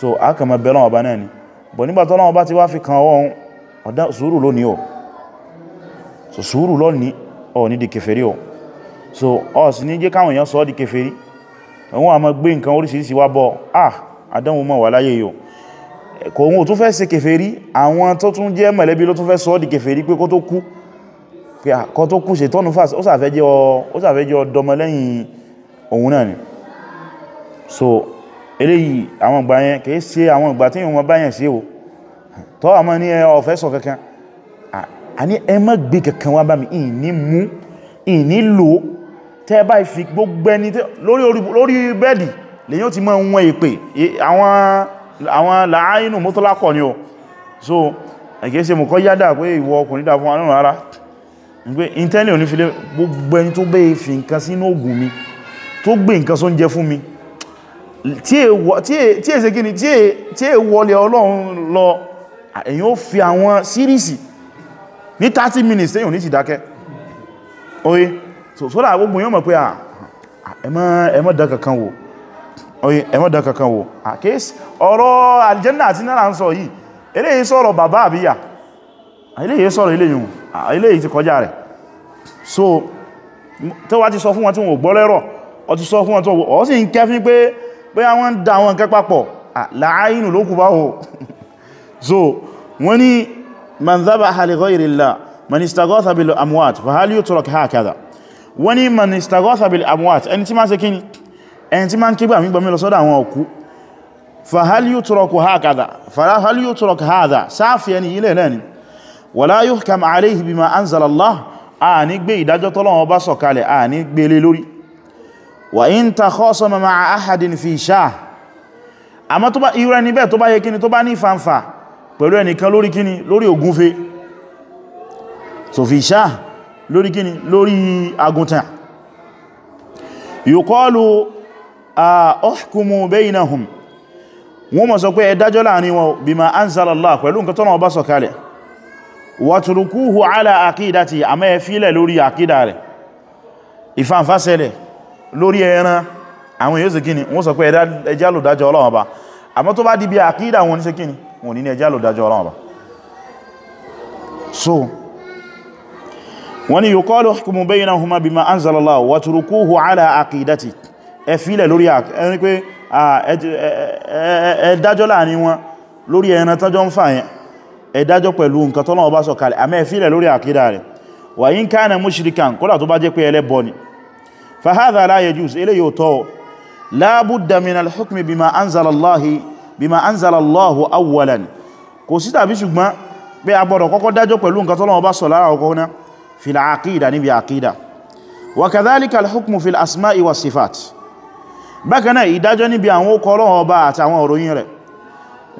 so a kàn mọ́ bẹ́lọ́wọ́ bá náà ni bọ̀ nígbà tọ́lọ́wọ́ bá ti wá fi kàn wọ́n ọ̀dá sùúrù lónìí so sùúrù lónìí ọ̀ ní di so ọ̀ sì ní jẹ́ káwọn èèyàn sọ ọ́ di kèfèrí àwọn ah àdánwò mọ̀ wà láyé yóò kò òun ò tún fẹ́ ṣe kèfèrí àwọn tó tún jẹ́ mọ̀lẹ́bí ló tún fẹ́ sọ kèfèrí pé kó tó kú pé àkọ́ tó kú ṣe tọ́nù fàs ó sàfẹ́ jẹ́ ọdọmọ lẹ́yìn òun náà ni so eléyìí àwọn ìgbà yẹn kìí ṣe àwọn ìgbà tí wọ́n báyẹ̀ sí o tọ́ àmọ́ ní ọ̀fẹ́ sọ kankan a ní ẹ má gbé kankan wá bá mi ìní mú ìní lò tẹ́ bá fi gbogbo ẹni lórí bẹ́ẹ̀dì lèyàn ti máa wọn èpè àwọn làáyínù mọ́tọ́lákọ̀ ni o so ẹ̀kẹ́ ṣe mọ̀kọ́ yádà pé ìwọ ọkùnrin dà fún aláàrá nígbé intanet onífilé gbogbo ẹni tó bẹ́ fi nǹkan sínú ògùn mi tó gbé nǹkan só ń jẹ fún mi tí è ṣe gíní tí è wọlé ọlọ́run lọ èyàn ó fi àwọn sírísì ní 30 minutes èyàn ní ti dákẹ́ oye so sódà gbogbo yóò mọ̀ pé ẹmọ́ dákankan wò oye ẹmọ́ dákankan wò àkéèsì ọ̀rọ̀ aljanna àti náà ń sọ yìí eléyìí sọ̀rọ̀ bàbá àbíyà iléyìí sọ̀rọ̀ iléyìí iléyìí ti kọjá rẹ̀ so tó wá ti sọ fún wọn tí wọ́n gbọ́ lẹ́rọ̀ ọ ti sọ fún wọn tó ọ sì ń kẹfín pé pé àwọn ń wọn kẹ́ papọ̀ láàáyínú ló kù bá hù (laughs) so wọ́n ni man dhabaha li ghayri llah man istaghatha bil amwat fa hal yutrak hakadha wọ́n ni man istaghatha bil amwat ẹni tí ma ṣe kíni ẹni tí ma ń kígbà mígbàmí lọ sọ́dọ̀ àwọn ilẹ̀ lẹ́ni wala yuhkam alayhi bima anzala Allah a ní gbé ìdájọ́ tọ́lọ́wọ́ bá sọ̀kalẹ̀ a ní gbélé lórí wa in takhasama ma'a ahadin fi shah àmọ́ tó bá irú ẹni bẹ́ẹ̀ tó bá yẹ kíni tó bá ní fanfa pẹ̀lú ẹnìkan lórí kíni lórí ògúnfe so fi shah lórí kíni lórí agúntàn yuqalu ahkumu wàtùrùkúhù ala àkídàtì àmọ́ ẹ fílẹ̀ lórí àkídà rẹ̀ ìfàǹfàṣẹlẹ̀ lórí ẹran àwọn yóò sì wọ́n sọ pé ẹjá lò dájọ́ Ọlọ́run Ọba àmọ́ tó bá di bí àkídà wọn ní sí ní ẹjá lò dájọ́ so bima ala lori lórí tọ́jọ́ ń fà yẹn ẹ̀dájọ́ pẹ̀lú nǹkan tọ́lọ́wọ́ bá sọ̀kalẹ̀ àmẹ́ ìfilẹ̀ lórí àkídà rẹ̀ wà yí ń ká na mushrikan kódà tó bá jẹ́ pé ẹlẹ́bọ ni fahadha la yajuz ilé yóò tọ́ labudda min alhukmi bima anzalallahi bima anzalallahu awwalan kò sí tàbí ṣùgbọ́n pé a gbọ́dọ̀ kọ́kọ́ dájọ́ pẹ̀lú nǹkan tọ́lọ́wọ́ bá sọ lára ọkọ̀ náà fil àkídà níbi àkídà wa kadhalika alhukmu fil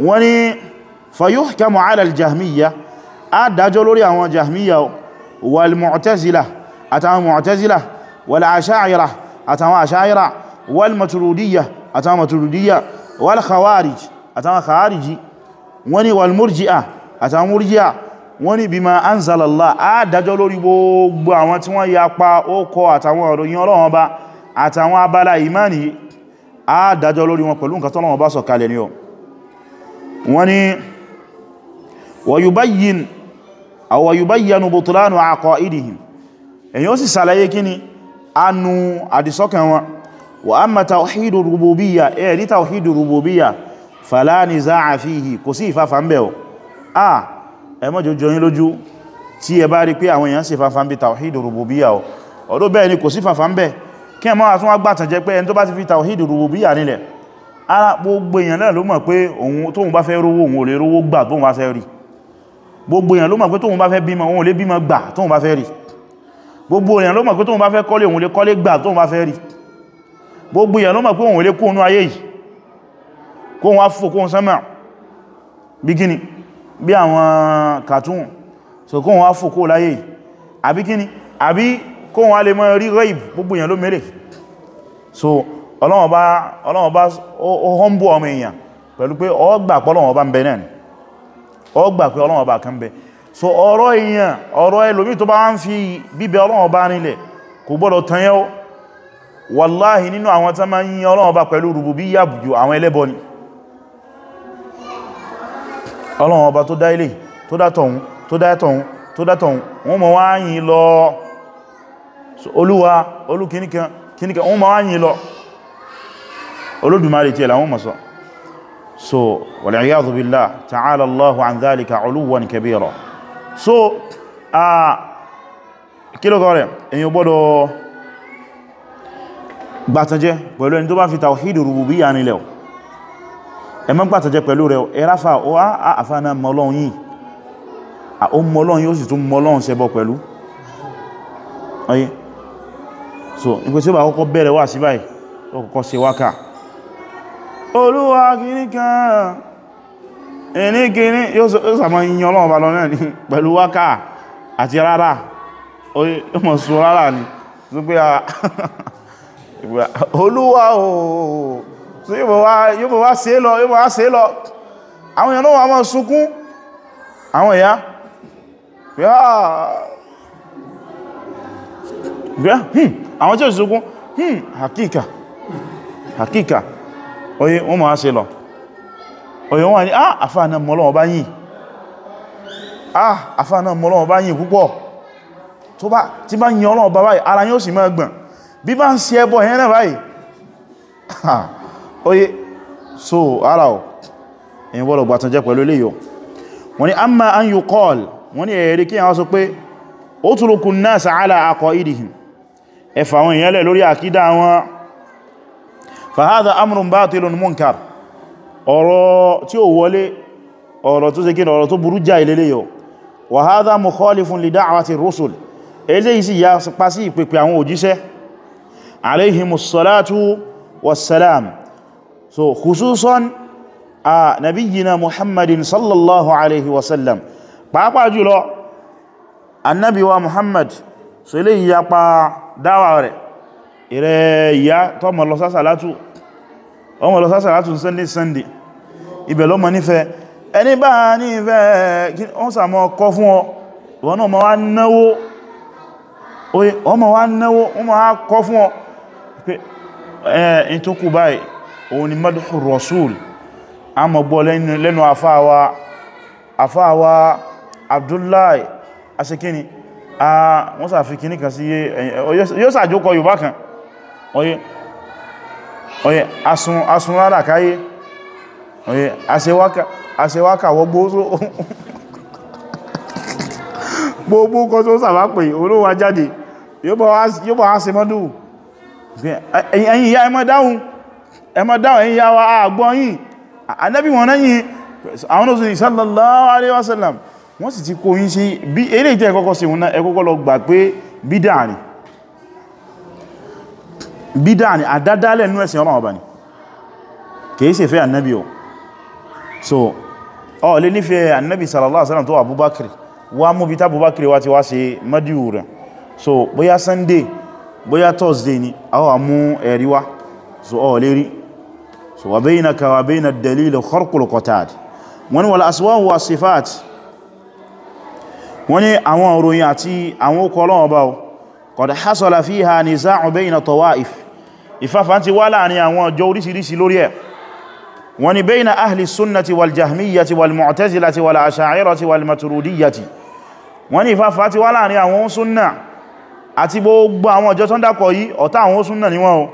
wọ́n ni fayuhkamu ala al-jahmiyya a dájọ́ lórí àwọn jahmiyya wal-mu'tazila àtàwọn mu'tazila wal-asha'ira àtàwọn asha'ira wal-maturidiyya àtàwọn maturidiyya wal-khawarij àtàwọn khawariji wani wal-murji'a àtàwọn murji'a wani bima wọ́n ni ويبين أو يبين بطلان عقائدهم èyí ó sì sàlàyé kí ni anu àdìsọ́kàn wọn wa amma tawhidu rububiyya ẹ̀rí tawhidu rububiyya fala niza'a fihi kò sí ìfàfà ń bẹ̀wọ̀ ah ẹmọ́ jọjọ yín lójú tí ẹ bá rí pé àwọn èèyàn sì fàfà ń bí tawhidu rububiyya ọ ọdó bẹ́ẹ̀ ni kò sí fàfà ń bẹ̀ kí ẹ máa tún wá gbàtàn jẹ gbogbo èèyàn ló mọ̀ pé tóun bá fẹ́ bímọ òun lè bímọ gbà tóun bá fẹ́ rí gbogbo èèyàn ló mọ̀ pé tóun bá fẹ́ kọ́lé òun lè kọ́lé gbà tóun bá fẹ́ rí gbogbo èèyàn ló mọ̀ pé òun lè kó inú ayé yìí kóun wá fò kóun sánmà bí gíní bí àwọn cartoon so kóun wá fò kó láyé yìí àbí gíní àbí kóun wá lè mọ́ rí rẹ́ìb gbogbo èèyàn ló mẹ́rẹ̀ so ọlọ́wọ̀n bá ọlọ́wọ̀n bá ó hàn bú ọmọ èèyàn pẹ̀lú pé ọgbà pọ́lọ̀wọ̀n bá ń bẹ ni ó gbà pé Ọlọ́run ọba kan bẹ so ọ̀rọ̀ èèyàn ọ̀rọ̀ ẹlòmí tó bá ń fi bíbẹ Ọlọ́run ọba nílẹ̀ kò gbọ́dọ̀ tán yẹ́ wàláhì nínú àwọn tán máa ń yìn Ọlọ́run ọba pẹ̀lú rububiyya jù àwọn ẹlẹ́bọ ni Ọlọ́run tó dá so wal-iyadhu billah ta'ala Allahu an dhalika 'uluwan kabira so kí ló kọ́ rẹ̀ èyàn gbọ́dọ̀ gbàtànjẹ́ pẹ̀lú ẹni tó bá fi tawhid rububiyyah nílẹ̀ ẹmọ́ gbàtànjẹ́ pẹ̀lú rẹ̀ ẹráfà ó àfáàná mọ́lọ́un yìí ó mọ́lọ́un yìí ó sì tún mọ́lọ́un ṣẹbọ pẹ̀lú ọyẹ́ so ìpèsè olúwa kìíní kan ẹni kìíní yóò sàmọ́ yíyan ọlọ́run bá lọ náà ní pẹ̀lú wákà àti rárá yóò mọ̀ sọ rárá ni tó pé ah, (laughs) olúwa ooo yóò mọ̀ wá sí lọ yóò mọ̀ wá sí lọ àwọn èèyàn náà wà mọ́ sunkún àwọn ìyá hmm, àwọn tí ó sunkún hmm, hakika hakika oye wọ́n ma ṣe lọ oye wọ́n ni ah àfáà náà mọ́lọ́wọ́ bá yìí ah àfáà náà mọ́lọ́wọ́ bá yìí púpọ̀ tó bá tí bá yìn ọlọ́wọ́ bá báyìí ara yóò sì máa gbọ̀n bí bá ń ṣe ẹbọ yẹn náà báyìí oye so ara o èyí wọ́lọ̀ gbàtàn jẹ́ pẹ̀lú ilé yọ wọ́n ni fàhádà amrun bátilun munkar ọ̀rọ̀ tí ó wọlé ọ̀rọ̀ tó segin ọ̀rọ̀ tó burú já ilé yọ wà hádà mukhalifun li da'wati rusul eléyìí sì ya pa sí ìpèpè àwọn òjíṣẹ́ alayhimus salatu wassalam so khususan a nabiyyina muhammadin sallallahu ìrẹ ìyá tọ́mọ lọ sásàlátù ọmọ lọ sásàlátù sunday sunday ibẹ̀ lọ́mọ nífẹ́ ẹni bá nífẹ́ kí wọ́n sàmọ́ kọ́ fún ọ wọ́n náà ma wá náwó ọmọ wá náwó wọ́n ma wá kọ́ fún ọ pé ẹ̀yìn tó kú báyìí òun ni madhu rasul a mọ̀ gbọ́ lẹ́nu àfáàwà àfáàwà abdullahi asekini a wọ́n sàfikini kan sí yóò sàjókọ yorùbá kan oye oye asun asun rárá káyé oye asewaka wọgbó so gbogbo (laughs) kan tó sàbá pè olówà jáde yóò bọ̀ á se mọ́dù ẹ̀yin ìyá ẹmọ́ dáhùn ẹmọ́ dáhùn ẹ̀yin ìyá wa àgbọ́ yìí ànábì wọn náà yìí àwọn òsìn sallallahu alaihi wasallam wọ́n sì ti kó yí sí bí eré ìtẹ́ ẹ̀kọ́kọ́ sí wọn náà ẹ̀kọ́kọ́ lọ gbà pé bídà rìn bídá ni àdádálẹ̀ nú ẹ̀sìn ọlọ́run ọba ni kìí ṣe fẹ́ annabi o so ọ lè nífẹ́ annabi sallallahu alaihi wasallam tó abubakir wá mú bí tábubakir wá ti wá ṣe mọ́díù ni àwọn òròyìn àti àwọn okọ̀ ọlọ́run ọba o qad hasala fiha niza'u bayna tawa'if ìfàfà ti wá láàrin àwọn ọjọ́ orísìírísìí lórí ẹ̀ wọ́n ni bayna ahli sunnati wal jahmiyyati wal mu'tazilati wal asha'irati wal maturidiyyati wọ́n ni ìfàfà ti wá láàrin àwọn súnnà àti gbogbo àwọn ọjọ́ tó ń dákọ̀ yìí ọ̀tá àwọn súnnà ni wọ́n o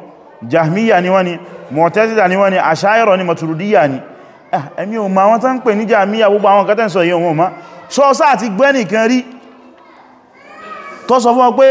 jahmiyya ni wọ́n ni mu'tazila ni wọ́n ni asha'ira ni maturidiyya ni ẹ̀mí o ma wọ́n tán pè ní jahmiyya gbogbo àwọn kẹtẹ́ sọ yìí òun ma sọ́ọ́sá àti gbẹ́nìkan rí tó sọ fún ọ pé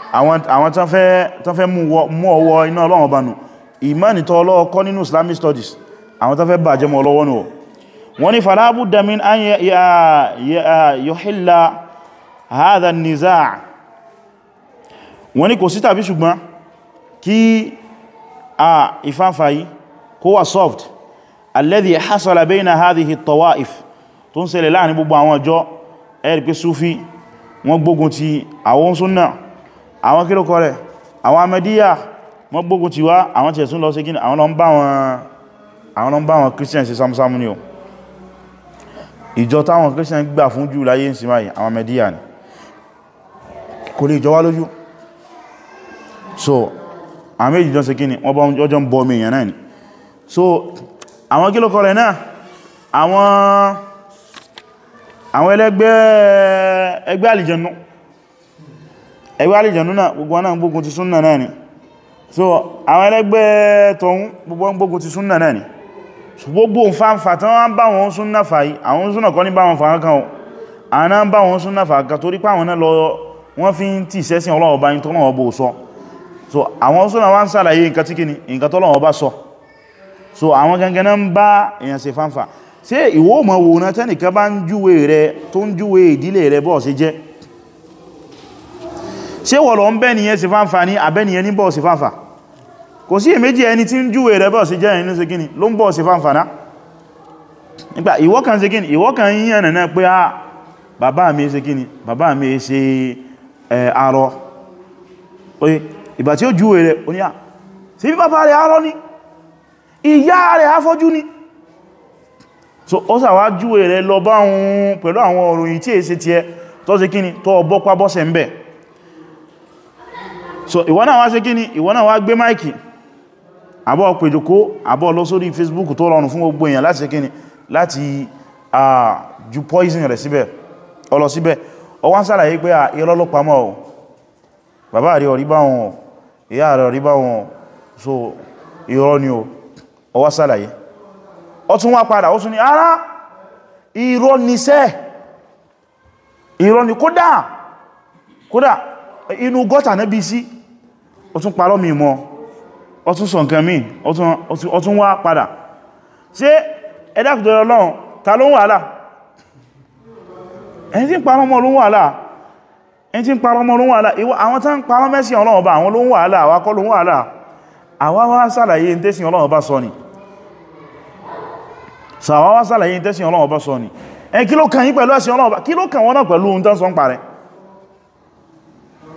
àwọn tán fẹ́ mú ọwọ́ iná ọlọ́run ọba nù ìmáni tọ́ ọlọ́wọ́ kọ́ nínú islamic studies àwọn tán fẹ́ bà jẹ́ mọ́ ọlọ́wọ́ nù wọ́n ni falabu damin an yọ̀hílá hadha niza wọ́n ni kò sí tàbí ṣùgbọ́n kí a ìfáfà yìí kó wà soft alladhi hasala bayna hadhihi at-tawa'if tó ń ṣẹlẹ̀ láàrin gbogbo àwọn ọjọ́ ẹ̀rì pé súfí wọ́n gbógun ti àwọn súnnà àwọn kí ló kọ́ rẹ̀ àwọn amẹ́díyà wọ́n gbógun ti wá àwọn tẹ̀sùn lọ sí gíní àwọn lọ ń bá wọn christian sí samsamu ni o ìjọ táwọn christian gbà fún jù láyé ń simáyì àwọn amẹ́díyà ni kò lè jọ lójú so àwọn méjì jọ sí gíní wọ́n bá ọjọ́ ń bọ́ ẹgbẹ́ àlìjẹnú ẹgbẹ́ alìjànú náà gbogbo wọn náà gbógun ti súnnà náà ni so àwọn ẹlẹ́gbẹ́ tọ̀hún gbogbo wọn gbógun ti súnnà náà ni gbogbo fàǹfà tán wọ́n bá wọn súnnà fà yí àwọn súnnà kọ́ ní bá wọn fà kan o àwọn bá wọn súnnà náà so àwọn súnnà wá ń sàlàyé nǹkan tí kìíní so àwọn gangan náà ń bá èèyàn ṣe fàǹfà ṣé ìwọ mọ̀ wò náà tẹ́nìkan bá ń júwe rẹ tó ń júwe ìdílé rẹ bọ́ọ̀ sí jẹ́ ṣé wọ̀lọ̀ ń bẹ́niyẹn sí fáǹfà ní àbẹ́niyẹn ní bọ́ sí fáǹfà kò sí èméjì ẹni tí ń júwẹ̀ rẹ̀ bọ́ sí jẹ́ inú sí gíní ló ń bọ́ sí fáǹfà ná nígbà ìwọ́kan sí gíní ìwọ́kan yíyàn náà pé a ah, bàbá mi sí oye ìgbà tí ó júwẹ̀ rẹ̀ oníyà sí ah, bí bàbá rẹ̀ arọ so ó sàwá júwẹ̀ rẹ̀ lọ bá òun pẹ̀lú àwọn ọ̀rọ̀ yìí tí èsì tiẹ̀ tó sí gíní ń bẹ̀ẹ́ so ìwọ náà wá ṣe kíni ìwọ náà wá gbé máìkì àbọ̀ pèjòkó àbọ̀ lọ sórí Facebook tó rọrùn fún gbogbo èèyàn láti ṣe kíni láti ju poison rẹ̀ síbẹ̀ ọlọ síbẹ̀ ó wá ń ṣàlàyé pé irọ́ ló pamọ́ so irọ́ ni o ó wá ṣàlàyé ó tún ní ara irọ́ níṣẹ́ irọ́ ni kódà kódà inú gọ́tà bí sí ó tún parọ́ mi mọ́ ó tún sọ nǹkan mi ó tún wá padà ṣe ẹ̀dàkùtọ̀ ọlọ́run ta ló ń wà láà ẹni tí ń parọ́ mọ́ ló ń wà láà ẹni tí ń parọ́ mọ́ ló ń wà láà ìwọ àwọn tán parọ́ mẹ́sìn ọlọ́run bá àwọn ló ń wà láà àwa kọ́ ló ń wà láà àwa wá sàlàyé ní tẹ́sìn ọlọ́run bá sọ ni sàwá wá sàlàyé ní tẹ́sìn ọlọ́run bá sọ ni ẹ kí ló kàn yín pẹ̀lú ẹ̀sìn ọlọ́run bá kí ló kàn wọ́n náà pẹ̀lú ohun tán sọ ń parẹ́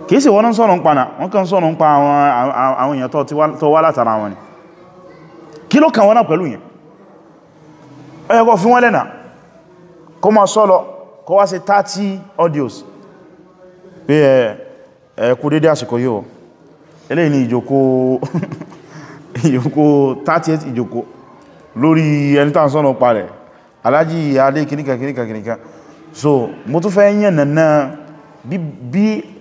kìí sì wọ́n sọ́nà ń pa náà wọ́n kàn sọ́nà ń pa àwọn èèyàn tó wá látara wọn ni kí ló kàn wọ́n náà pẹ̀lú yẹn ó fún wọ́n lẹ́nà kó ma sọ́lọ kó wá sí 30 audios pé ẹ kú dédé àsìkò yíò eléyìí ni ìjòkó ìjòkó 38 ìjòkó lórí ẹni tàn sọ́nà pa rẹ̀ alájí alé kìníkà kìníkà kìníkà so mo tún fẹ́ yẹn nàná bí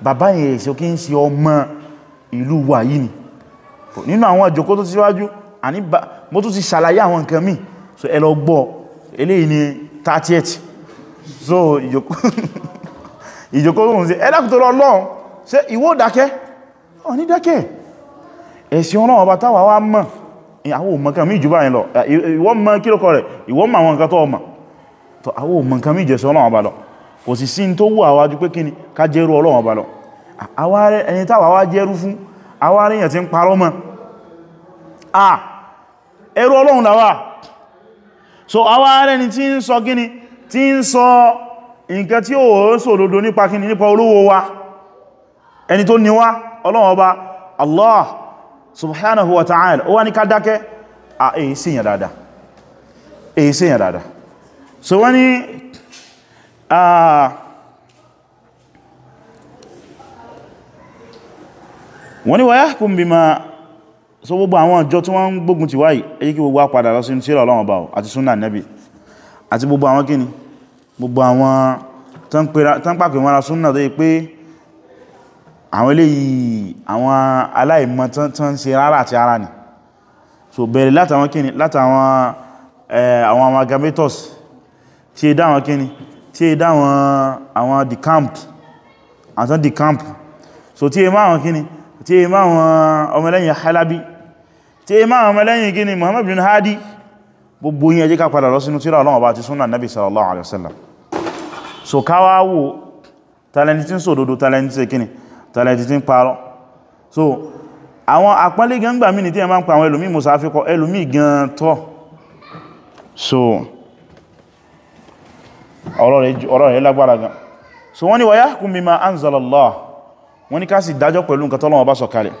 bàbá yẹn èsì òkè ń ṣe ọmọ ìlú wa yìí ni nínú àwọn àjòkó tó ti síwájú àní mo tún ti ṣàlàyé àwọn nǹkan míì so ẹ lọ gbọ́ eléyìí ni 38 so ìjòkó (laughs) tó ń ṣe ẹlẹ́kùtò lọ lọ́n ṣe ìwọ dákẹ́ ọ ní dákẹ́ ẹ̀sìn ọ̀nà ọba táwà wá mọ̀ àwọn òmọ̀ kan míì jùbá yẹn lọ ìwọ mọ̀ kílòkọ rẹ̀ ìwọ mọ̀ àwọn nǹkan tó ọmọ tó àwọn òmọ̀ kan míì jẹ̀sọ́ ọ̀nà ọba lọ kò sì sí tó wù àwájú pé kíni ká jẹ́rú ọlọ́wọ̀n bá lọ ẹni táwà wá jẹ́rú fún awárẹ́yàn ti ń parọ́ mọ́ à ẹrú ọlọ́run dáwà so awárẹ́ni tí ń sọ kíni tí ń sọ nǹkan tí ó sòdodo nípa ni nípa olówó wa ẹni tó ní wá ọlọ́run ọba Allah subhanahu wa ta'ala ó wá ní ká dákẹ́ à èyí so wọ́n wọ́n ni wa yahkum bima so gbogbo àwọn ọjọ́ tí wọ́n ń gbógun ti wáyìí èyí kí gbogbo àpadà lọ sí ní tíra Ọlọ́run báwọ̀ àti súnà nẹ́bì àti gbogbo àwọn kíni gbogbo àwọn tán pàpẹ̀ wọ́n ra súnà tó yí pé àwọn eléyìí àwọn aláìmọ̀ so bẹ̀rẹ̀ látàwọn kíni látàwọn àwọn amalgamators tí dáwọn tí è dáwọn àwọn decamped àtàn decamp so tí è máa wọn kíni tí è máa wọn ọmọlẹ́yìn halabi tí è máa ọmọlẹ́yìn kíni muhammad bin hadi gbogbo yín ẹ jẹ́ ká padà lọ sínú tírà Ọlọ́run bá ti súnà nabi sallallahu alaihi wasallam so káwàwò talenti ń sòdodo talenti kíni talenti ń parọ́ so àwọn àpọ́nlé gan gbà mí ní tí ẹ máa ń pa àwọn ẹlòmí musafikọ ẹlòmí gan so ọ̀rọ̀ rẹ̀ lágbára gan so wọ́n ni wa yahkum bima anzala Allah wọ́n ni ká sì dájọ́ pẹ̀lú nǹkan tọ́lọ́wọ́ bá sọ kalẹ̀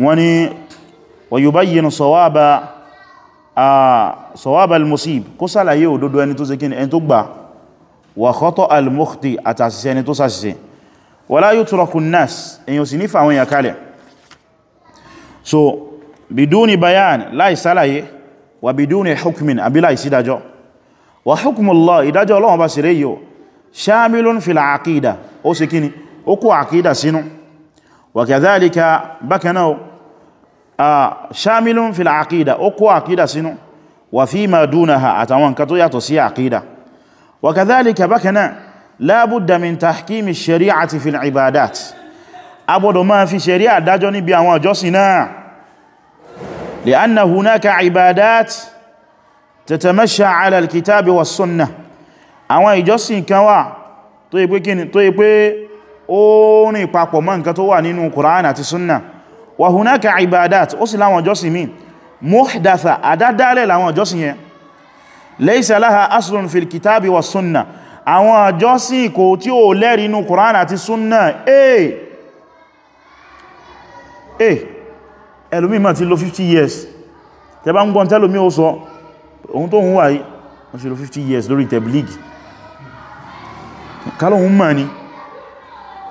wọ́n ni wa yubayyinu sawaba sawaba al-musib kó sàlàyé òdodo ẹni tó sekin ẹni tó gbà wa khata al-mukhti àtàṣìṣẹ́ ẹni wa hukmullah ìdájọ́ Ọlọ́run bá sire yo shamilun fil aqida ó ṣe kíni ó kó aqida sínú wa kadhalika bakana a shamilun fil aqida ó kó aqida sínú wa fi ma dunaha àtàwọn kan tó yàtọ̀ sí aqida wa kadhalika bakana la budda min tahkim ash-shari'ati fil ibadat tẹ̀tẹ̀mẹ́ṣà ala al-kitabi wa sunnah àwọn ìjọsìn kan wà tó yí pé kíni tó yí pé ó rìn papọ̀ mọ́ nǹkan tó wà nínú Kùránì àti sunnah wa hunaka ibadat ó sì láwọn ìjọsìn mi muhdatha àdádálẹ̀ láwọn ìjọsìn yẹn laysa laha aslun fil kitabi wa sunnah àwọn ìjọsìn kò tí ó lẹ́rìí nínú Kùránì àti sunnah eh eh ẹlòmí ma ti lò 50 years tẹ bá ń gbọ́n tẹ́lòmí ó sọ ohun tó ń wà yí wọ́n ṣe lò 50 years lórí tablig kálọ̀hún ma ní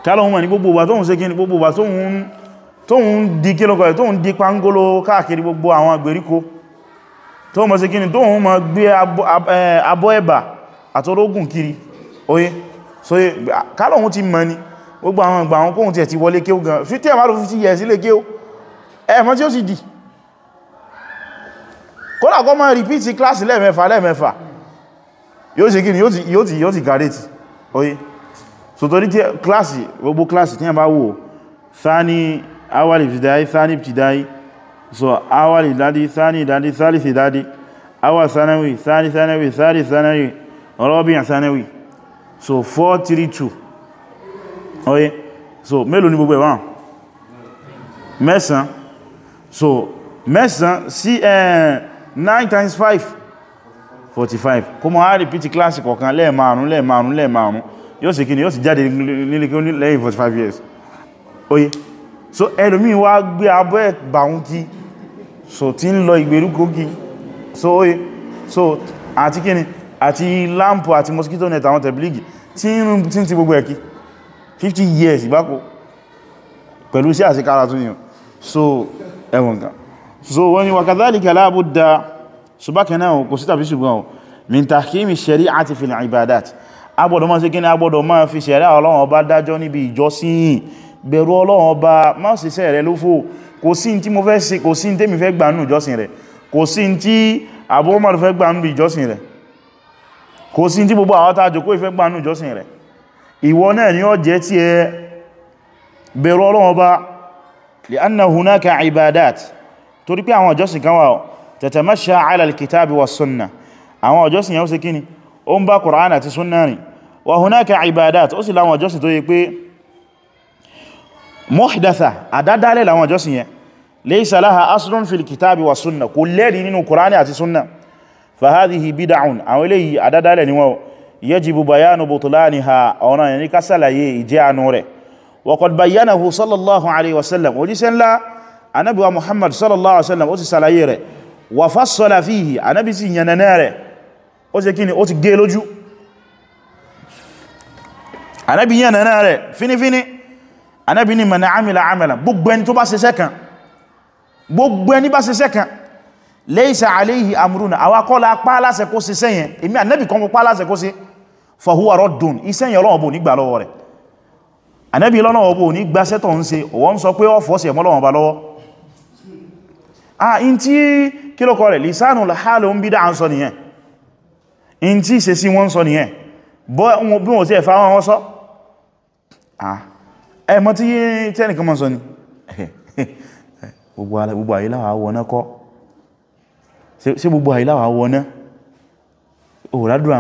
kálọ̀hún ma ní gbogbo wà tóhun ṣe kíni gbogbo wà tóhun di kílọ̀kọ̀ ẹ̀ tóhun di pangolo káàkiri gbogbo àwọn àgbèríko tóhun ma ṣe kíni tóhun ma gbé abọ́ ẹ̀bà àtọ́rógùn kiri oye so kálọ̀hún ti ma ní gbogbo àwọn àgbà àwọn kóhun ti ẹ̀ ti wọlé kéw gan 50 years ilé kéw ẹ̀ mọ́ tí ó sì di kódà kọ́ máa rìpítì kíláàsì lẹ́ẹ̀mẹ́fà lẹ́ẹ̀mẹ́fà yóò ṣe kíni yóò ti yóò ti gàrètì oye so torí tí kíláàsì gbogbo kíláàsì tí a bá wò thani awali ibtidai thani ibtidai so awali dadi thani dadi thalisi dadi awal thanawi thani thanawi thali thanawi rabi' thanawi so 432 oye so mélòó ni gbogbo ẹ̀wọ̀n so mẹ́sàn sí ẹ̀ẹ́ eh, 9 times 5 45 kó mọ̀ á repeat class kọ̀kan lẹ́ẹ̀márùn lẹ́ẹ̀márùn lẹ́ẹ̀márùn yóò sì kí ni yóò sì jáde lẹ́yìn 45 years oye so ẹlòmíì wá gbé abọ́ ẹ̀ bàún kí so tí ń lọ ìgbèrúkó kí so oye so àti kí ni àti lampu àti mosquito net àwọn tẹ̀blígì tí ń tí ti gbogbo ẹ̀kí 50 years ìgbákò pẹ̀lú sí àsíkára tún yàn so ẹwọ̀n kan so wọ́n ni wakadhalika la budda subakana o kò sí tàbí ṣùgbọ́n o min tahkimi shari'ati fil ibadat agbọ́dọ̀ máa ṣe kí ni agbọ́dọ̀ máa fi ṣẹ̀rẹ́ Ọlọ́run ọba dájọ́ níbi ìjọsìn bẹ̀rù Ọlọ́run ọba má sì ṣẹ́ rẹ̀ lófò kò sí tí mo fẹ́ ṣe kò sí tí mi fẹ́ gbà nù ìjọsìn rẹ̀ kò sí tí Abu Umar fẹ́ gbà nù ìjọsìn rẹ̀ kò sí tí gbogbo àwọn tàjò kó ìfẹ́ gbà nù ìjọsìn rẹ̀ ìwọ náà ni ó jẹ́ tí ẹ bẹ̀rù Ọlọ́run ọba li anna hunaka ibadat torí pé àwọn ọjọ́sìn kan wà tatamasha ala al-kitabi wa sunna àwọn ọjọ́sìn yẹn ó ṣe kíni ó ń bá Qur'an àti sunna rìn wa hunaka ibadat ó sì láwọn ọjọ́sìn tó yẹ pé muhdatha àdádálẹ̀ láwọn ọjọ́sìn yẹn laysa laha aslun fil kitabi wa sunna kò lẹ́rìí nínú Qur'an àti sunna fa hadhihi bid'un àwọn eléyìí àdádálẹ̀ ni wọ́n yajibu bayanu butulaniha ọ̀nà yẹn ni ká sàlàyé ìjẹ́ àánú rẹ̀ wa qad bayyanahu sallallahu alaihi wasallam òjíṣẹ́ ńlá ànábì wa muhammad sallallahu alaihi wasallam ó ti ṣàlàyé rẹ̀ wa fassala fihi ànábì sì yànnà rẹ̀ ó ṣe kíni ó ti gé e lójú ànábì yànnà rẹ̀ fínífíní ànábì ni man amila amalan gbogbo ẹni tó bá ṣe sẹ́kàn gbogbo ẹni bá ṣe sẹ́kàn laysa alayhi amruna àwa kọ́ la pa láṣẹ kó ṣe sẹ́yẹn èmi ànábì kan mo pa láṣẹ kó ṣe fa huwa raddun iṣẹ́ yẹn Ọlọ́run bò ní gbà lọ́nà ọ̀bọ̀ ní gbáṣẹ́tọ̀ ń ṣe òwọ́n sọ pé ọ̀fọ́ sí ẹ̀mọ́lọ́wọ́n bá lọ́wọ́ ah in tí kí ló kọ rẹ̀ lisanu lahalo ń bídá ń sọ nìyẹn in tí ṣe sí wọ́n sọ nìyẹn bọ́ bí wọ́n sí ẹ̀fà wọn sọ ah ẹ mọ́ tí tẹ́nìkan mọ́ sọ ni (laughs) gbogbo àìláwà wọ́ná kọ́ sí gbogbo àìláwà wọ́ná òrádùn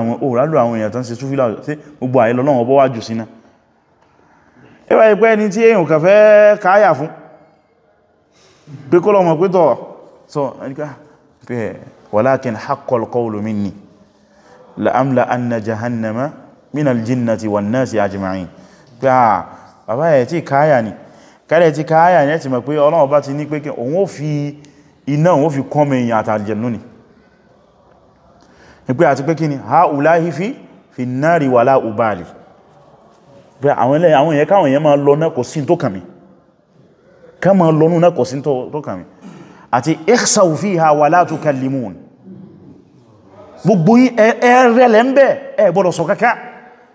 àwọn èèyàn tán ṣe súfílà sí gbogbo àìlọ́lọ́wọ́ bọ́ wájú síná ẹwà ìpẹ́ ni tí èèyàn kàfẹ́ káyà fún pé kọ́lọ̀mọ̀ pẹ́tọ̀ọ̀ so pé walakin haqqal qawlu minni la'amla anna jahannama min aljinnati wan nasi ajma'in pé a bàbá ẹ̀ tí káyà ni kẹ́lẹ̀ tí káyà ni ẹ̀ ti mọ̀ pé Ọlọ́run bá ti ní pé òun ó fi iná òun ó fi kọ́mọ èèyàn àtàlìjẹ̀nú ni pé àti pé kí ni ha ulahi fi fi nari wala ubali pé àwọn ilẹ̀ àwọn èèyàn káwọn èèyàn máa lọ náà kò sí tó kàmí àti ikhsaw fiha wala tukallimun gbogbo ẹ̀rẹ̀lẹ̀ ń bẹ̀ ẹ gbọ́dọ̀ sọ kaka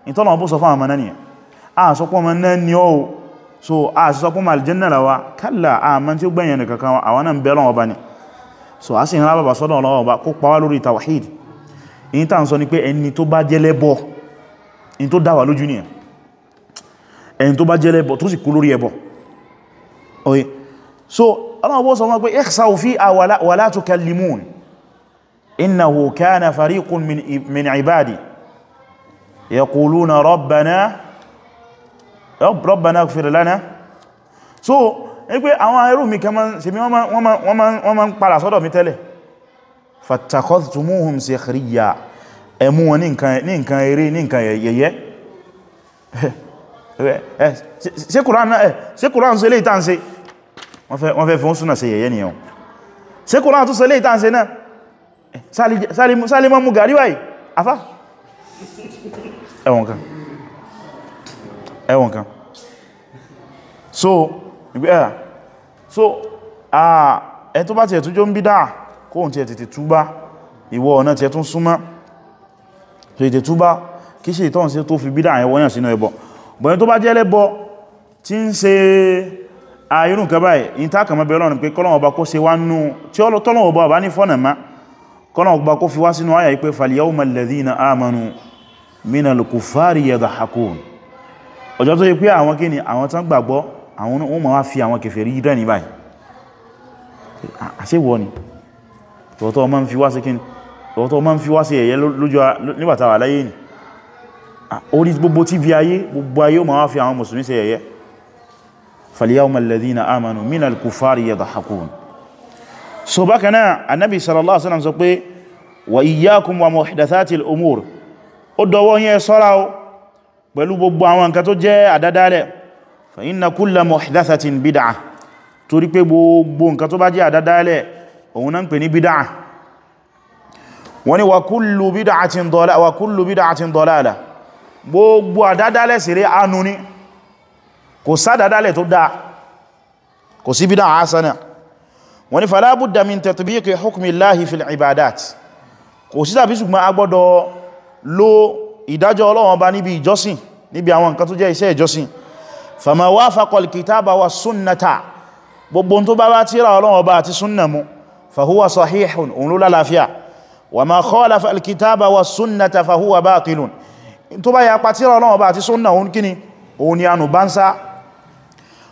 ìtọ́nà ọbọ̀ sọ fún àmà náà a sọ pọ́ ma náà ni ọ́ so a sọ pọ́ ma aljanna rawa kalla a ma tí ó gbẹ̀yẹn kankan àwọn náà bẹ̀rẹ̀ ọba ni so a sì ń rábàbà sọ́dọ̀ ọlọ́wọ́ ọba ọlọ́wọ́ bó sọ wọn pé ikhsaw fiha wa la tukallimun innahu kana fariqun min ibadi yaquluna rabbana rabbana ighfir lana so ní pé àwọn ẹrù mi kan wọ́n ma ń padà sọ́dọ̀ mi tẹ́lẹ̀ fattakhadhtumuhum sikhriya ẹmú wọn ní nǹkan eré ní nǹkan yẹ̀yẹ́ (laughs) ṣe kùrán ṣe lè tàn ṣe wọ́n fẹ́ fún súnà sí yẹ̀yẹ́ nìyàn ṣe kò náà tó sọ ilé ìtànṣe náà sálímọ́ mú gàrí wáyìí afá ẹwọ̀n kan ẹwọ̀n kan so ìgbé ẹ̀rà so ẹ̀ tó bá ti ẹ̀tújó ń bí dáa kóhùn ti ẹ̀tẹ̀tẹ̀ túbá ìwọ ọ̀nà ti ẹ̀tún súnmọ́ so ìtẹ̀ túbá kí ṣe ìtọ́nsẹ́ tó fi bí dáa ẹwọ́yàn sínú ẹbọ bọ̀yẹn tó bá jẹ́ lẹ́bọ tí ń ṣe àìrùn kẹba ẹ̀ ìntàkàmọ́ bẹ̀rẹ̀ ọ̀nà pé kọ́lọ̀wọ̀ bá kó se wá nú tí ọlọ́tọ́lọ̀wọ̀ bá ní fọ́nà má kọ́lọ̀wọ̀ bá kó fi wá sínú ayà pé falyawma alladhina amanu minal kuffari yadhahakun ọjọ́ tó yẹ pé àwọn kíni àwọn tán gbàgbọ́ àwọn ohun ma wá fi àwọn kèfèrí yídá ní báyìí àṣíwọ́ ni tọ́tọ́ ma ń fi wá sí kíni tọ́tọ́ ma ń fi wá sí ẹ̀yẹ lójú nígbàtàwà láyé ni orí gbogbo tí fi ayé gbogbo ayé ma wá fi àwọn mùsùlùmí sí ẹ̀yẹ فاليوم الذين آمنوا من الكفار يضحكون so bákanáà annabi sallallahu alaihi wasallam sọ pé wa iyyakum wa muhdathatil umur ó dọwọ́ yẹn ṣọ́ra o pẹ̀lú gbogbo àwọn nǹkan tó jẹ́ àdádálẹ̀ fa inna kulla muhdathatin bid'ah torí pé gbogbo nǹkan tó bá jẹ́ àdádálẹ̀ òun náà ń pè ní bid'ah wọ́n ni wa kullu bid'atin dalalah wa kullu bid'atin dalalah gbogbo àdádálẹ̀ sèré anú ni kò sádádálẹ̀ tó dáa kò sí bídá hasana wọ́n ní falabudda min tatbiqi hukmi Allahi fil ibadat kò sí tàbí ṣùgbọ́n a gbọ́dọ̀ lo ìdájọ́ Ọlọ́run Ọba níbi ìjọsìn níbi àwọn nǹkan tó jẹ́ iṣẹ́ ìjọsìn fama wafaqa al-kitaba wa sunnata gbogbo tó bá bá tíra Ọlọ́run Ọba àti súnnà mu fahuwa sahihun òun ló lálàáfíà wa ma khalafa al-kitaba wa sunnata fahuwa batilun tó bá yapa tíra Ọlọ́run Ọba àti súnnà òun kíni òun ni anù bá ń sáà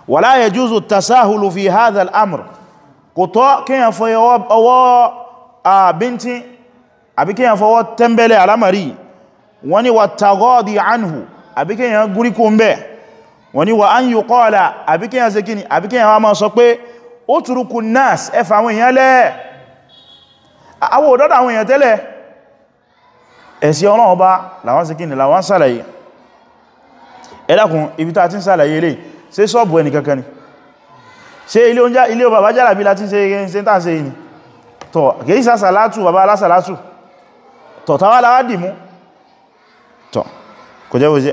wala yajuzu tasahulu fi hadha al-amr kò tọ́ kíyàn fọ́ ọwọ́ àbíntí àbí kíyàn fọwọ́ tẹ́mbẹ̀lẹ̀ alamari wọ́n ni wa tagọ́dì anhu àbí kíyàn gúrí kó ń bẹ̀ wọ́n ni wa an yuqala àbí kíyàn ṣe kíni àbí kíyàn wá máa sọ pé utruku nas ẹfà àwọn èèyàn lẹ́ àwọ̀ òdọ́dọ̀ Se sọ́ọ̀bù ẹni kankan ni ṣe ilé oúnjẹ ilé o bàbá jàràbí láti ṣe ṣẹ́ntà ṣe ni tọ̀ kìí sàṣàlátù bàbá alásàlátù tọ̀ tàwà láwá dìmú tọ̀ kò jẹ́ bó ṣe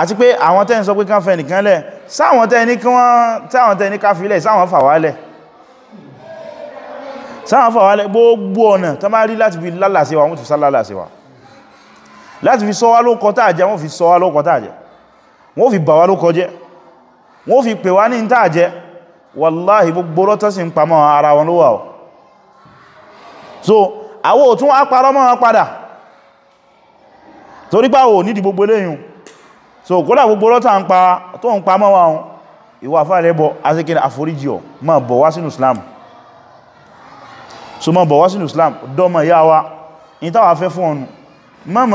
àti pé àwọn tẹ́ ń sọ pé kán fẹ́ nìkan lẹ̀ sáwọn tẹ́ ní ká fi lẹ̀ sáwọn fàwálẹ̀ sáwọn fàwálẹ̀ gbogbo ọ̀nà tó má rí láti fi lálàsí wa wọ́n ti sálàlàsí wa láti fi sọ wá lókọ tààjẹ́ wọ́n fi sọ wọ́n fi pè wá ní ìta àjẹ́ wàláhì gbogbo rọ́tọ́ sí ń pàmọ́ ara wọn ló wà ọ̀ so àwọ́ òtún wá parọ́ mọ́ wọn padà torí pé àwọ̀ nídi gbogbo léyìn so kódà gbogbo rọ́tọ́ ń pa tó ń pàmọ́ wọn ìwà fàrẹ́ bọ azikiri àforíjì ọ máa bọ̀ wá sínú Islam so máa bọ̀ wá sínú Islam dọ́mọ ìyá wa ní táwà fẹ́ fún ọnù máa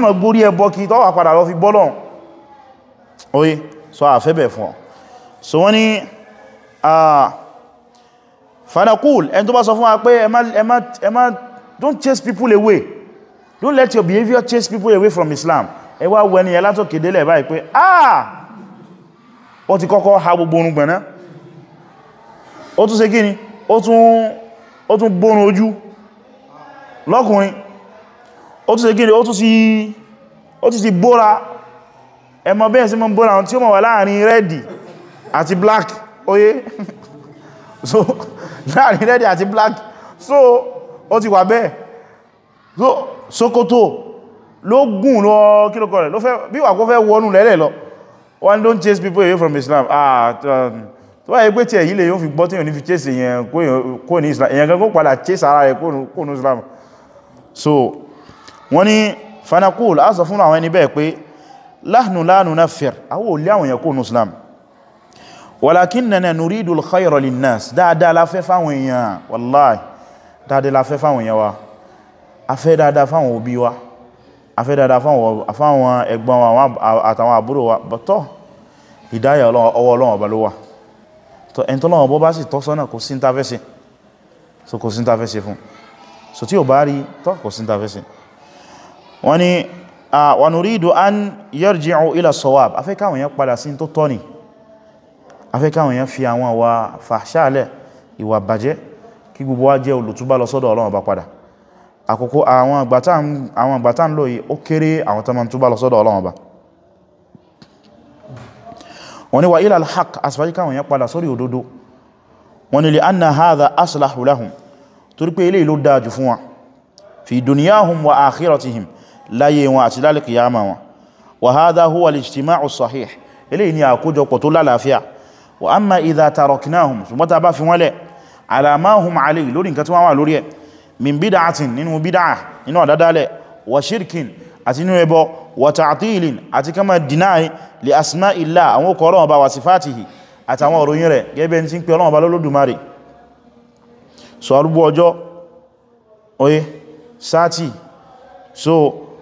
máa górí kí tọ́wà padà lọ fi bọ́lọ̀ oye okay so a fẹ́ bẹ̀ fún ọ so wọ́n ni a fanakul ẹni tó bá sọ fún wa pé ẹ má don't chase people away don't let your behavior chase people away from Islam ẹ wá wọ ẹni ẹlátọ̀ kèdélẹ̀ báyìí pé ah ó ti kọ́kọ́ ha gbogbo orun gbẹ̀ná ó tún ṣe kí ni ó tún bónú ojú lọ́kùnrin ó tún ṣe kí ni ó tún ti bóra ẹmọ bẹ́ẹ̀ sí mọ́ bọ́lá àwọn tí ó mọ̀ wà láàrin rẹ́dì àti black oyé so láàrin rẹ́dì àti black so ó ti wà bẹ́ẹ̀ so ṣòkòtò ló gùn lọ kílòkọ̀ rẹ̀ bí wà kó fẹ́ wọnú lẹ́lẹ̀ lọ one don't chase people away from Islam ah um, tó wáyé pé tí ẹ̀yí lè yóò fi gbọ́ tí yóò ní fi chase èyàn kó ní Islam èyàn gangan padà chase ara rẹ̀ kó ní Islam so wọ́n ní fanakul á sọ fún àwọn ẹni bẹ́ẹ̀ pé láhùn láhùn náà fẹ̀r àwọn olè àwọn èèyàn kó nù islam walakinnana nuridu al-khayra lin-nas dáadáa la fẹ́ fáwọn èèyàn wallahi dáadáa la fẹ́ fáwọn èèyàn wa a fẹ́ dáadáa fáwọn òbí wa a fẹ́ dáadáa fáwọn ẹ̀gbọ́n wa àtàwọn àbúrò wa bọ̀tọ́ ìdáyà ọwọ́ Ọlọ́run ọba ló wà tó ẹni Ah, wa nuridu an yarji'u ila sawab afẹ́ káwọn yẹn padà sí tó tọ́ ni afẹ́ káwọn yẹn fi àwọn wa fàṣálẹ̀ ìwà bàjẹ́ kí gbogbo wa jẹ́ olùtúbá lọ sọ́dọ̀ Ọlọ́run bá padà àkókò àwọn àgbàtà ń lò yìí ó kéré àwọn tó ma ń túbá lọ sọ́dọ̀ Ọlọ́run bá wọ́n ni wa ila al-haq asfájí káwọn yẹn láyé wọn àti lálìkìyàmà wọn wa hadha huwa al-ijtima'u as-sahih eléyìí ni àkójọpọ̀ tó lálàáfíà wa amma idha taraknahum ṣùgbọ́n ta bá fi wọ́n lẹ̀ ala ma hum alayhi lórí nǹkan tí wọ́n wà lórí ẹ̀ min bid'atin nínú bid'a nínú àdádálẹ̀ wa shirkin àti nínú ẹbọ wa ta'tilin àti kama deny li so arúgbó so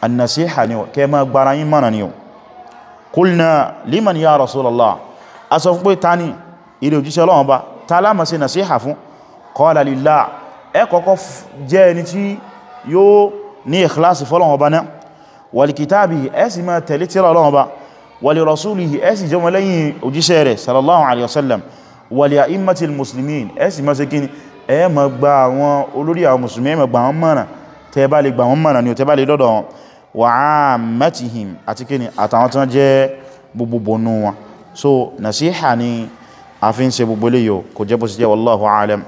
annasiha ni kẹ ma gbara yín mọ́nà ni kulna liman ya rasulallah a sọ fún pé ta ni ilé òjíṣẹ́ Ọlọ́run ba ta lámà sí nasiha fún qala lillah ẹ kọ́kọ́ jẹ́ ẹni tí yóò ní ikhlasi fọ́lọ́run ọba náà wal kitabihi ẹ sì máa tẹ̀lé tírà Ọlọ́run ọba wal rasulihi ẹ sì jọmọ lẹ́yìn òjíṣẹ́ rẹ̀ sallallahu alaihi wasallam wal a'immatil muslimin ẹ sì máa ṣe kíni ẹ máa gba àwọn olórí àwọn mùsùlùmí ẹ máa gba wọn mọ̀nà tẹ́ bá lè gba wọn mọ̀nà ni ò tẹ́ bá lè dọ́dọ̀ wọn wa ammatihim àti kíni àtàwọn tán jẹ́ gbogbogbò nù wọn so nasiha ni a fi ń ṣe gbogbo léyò kò jẹ́ bó sì jẹ́ wallahu alam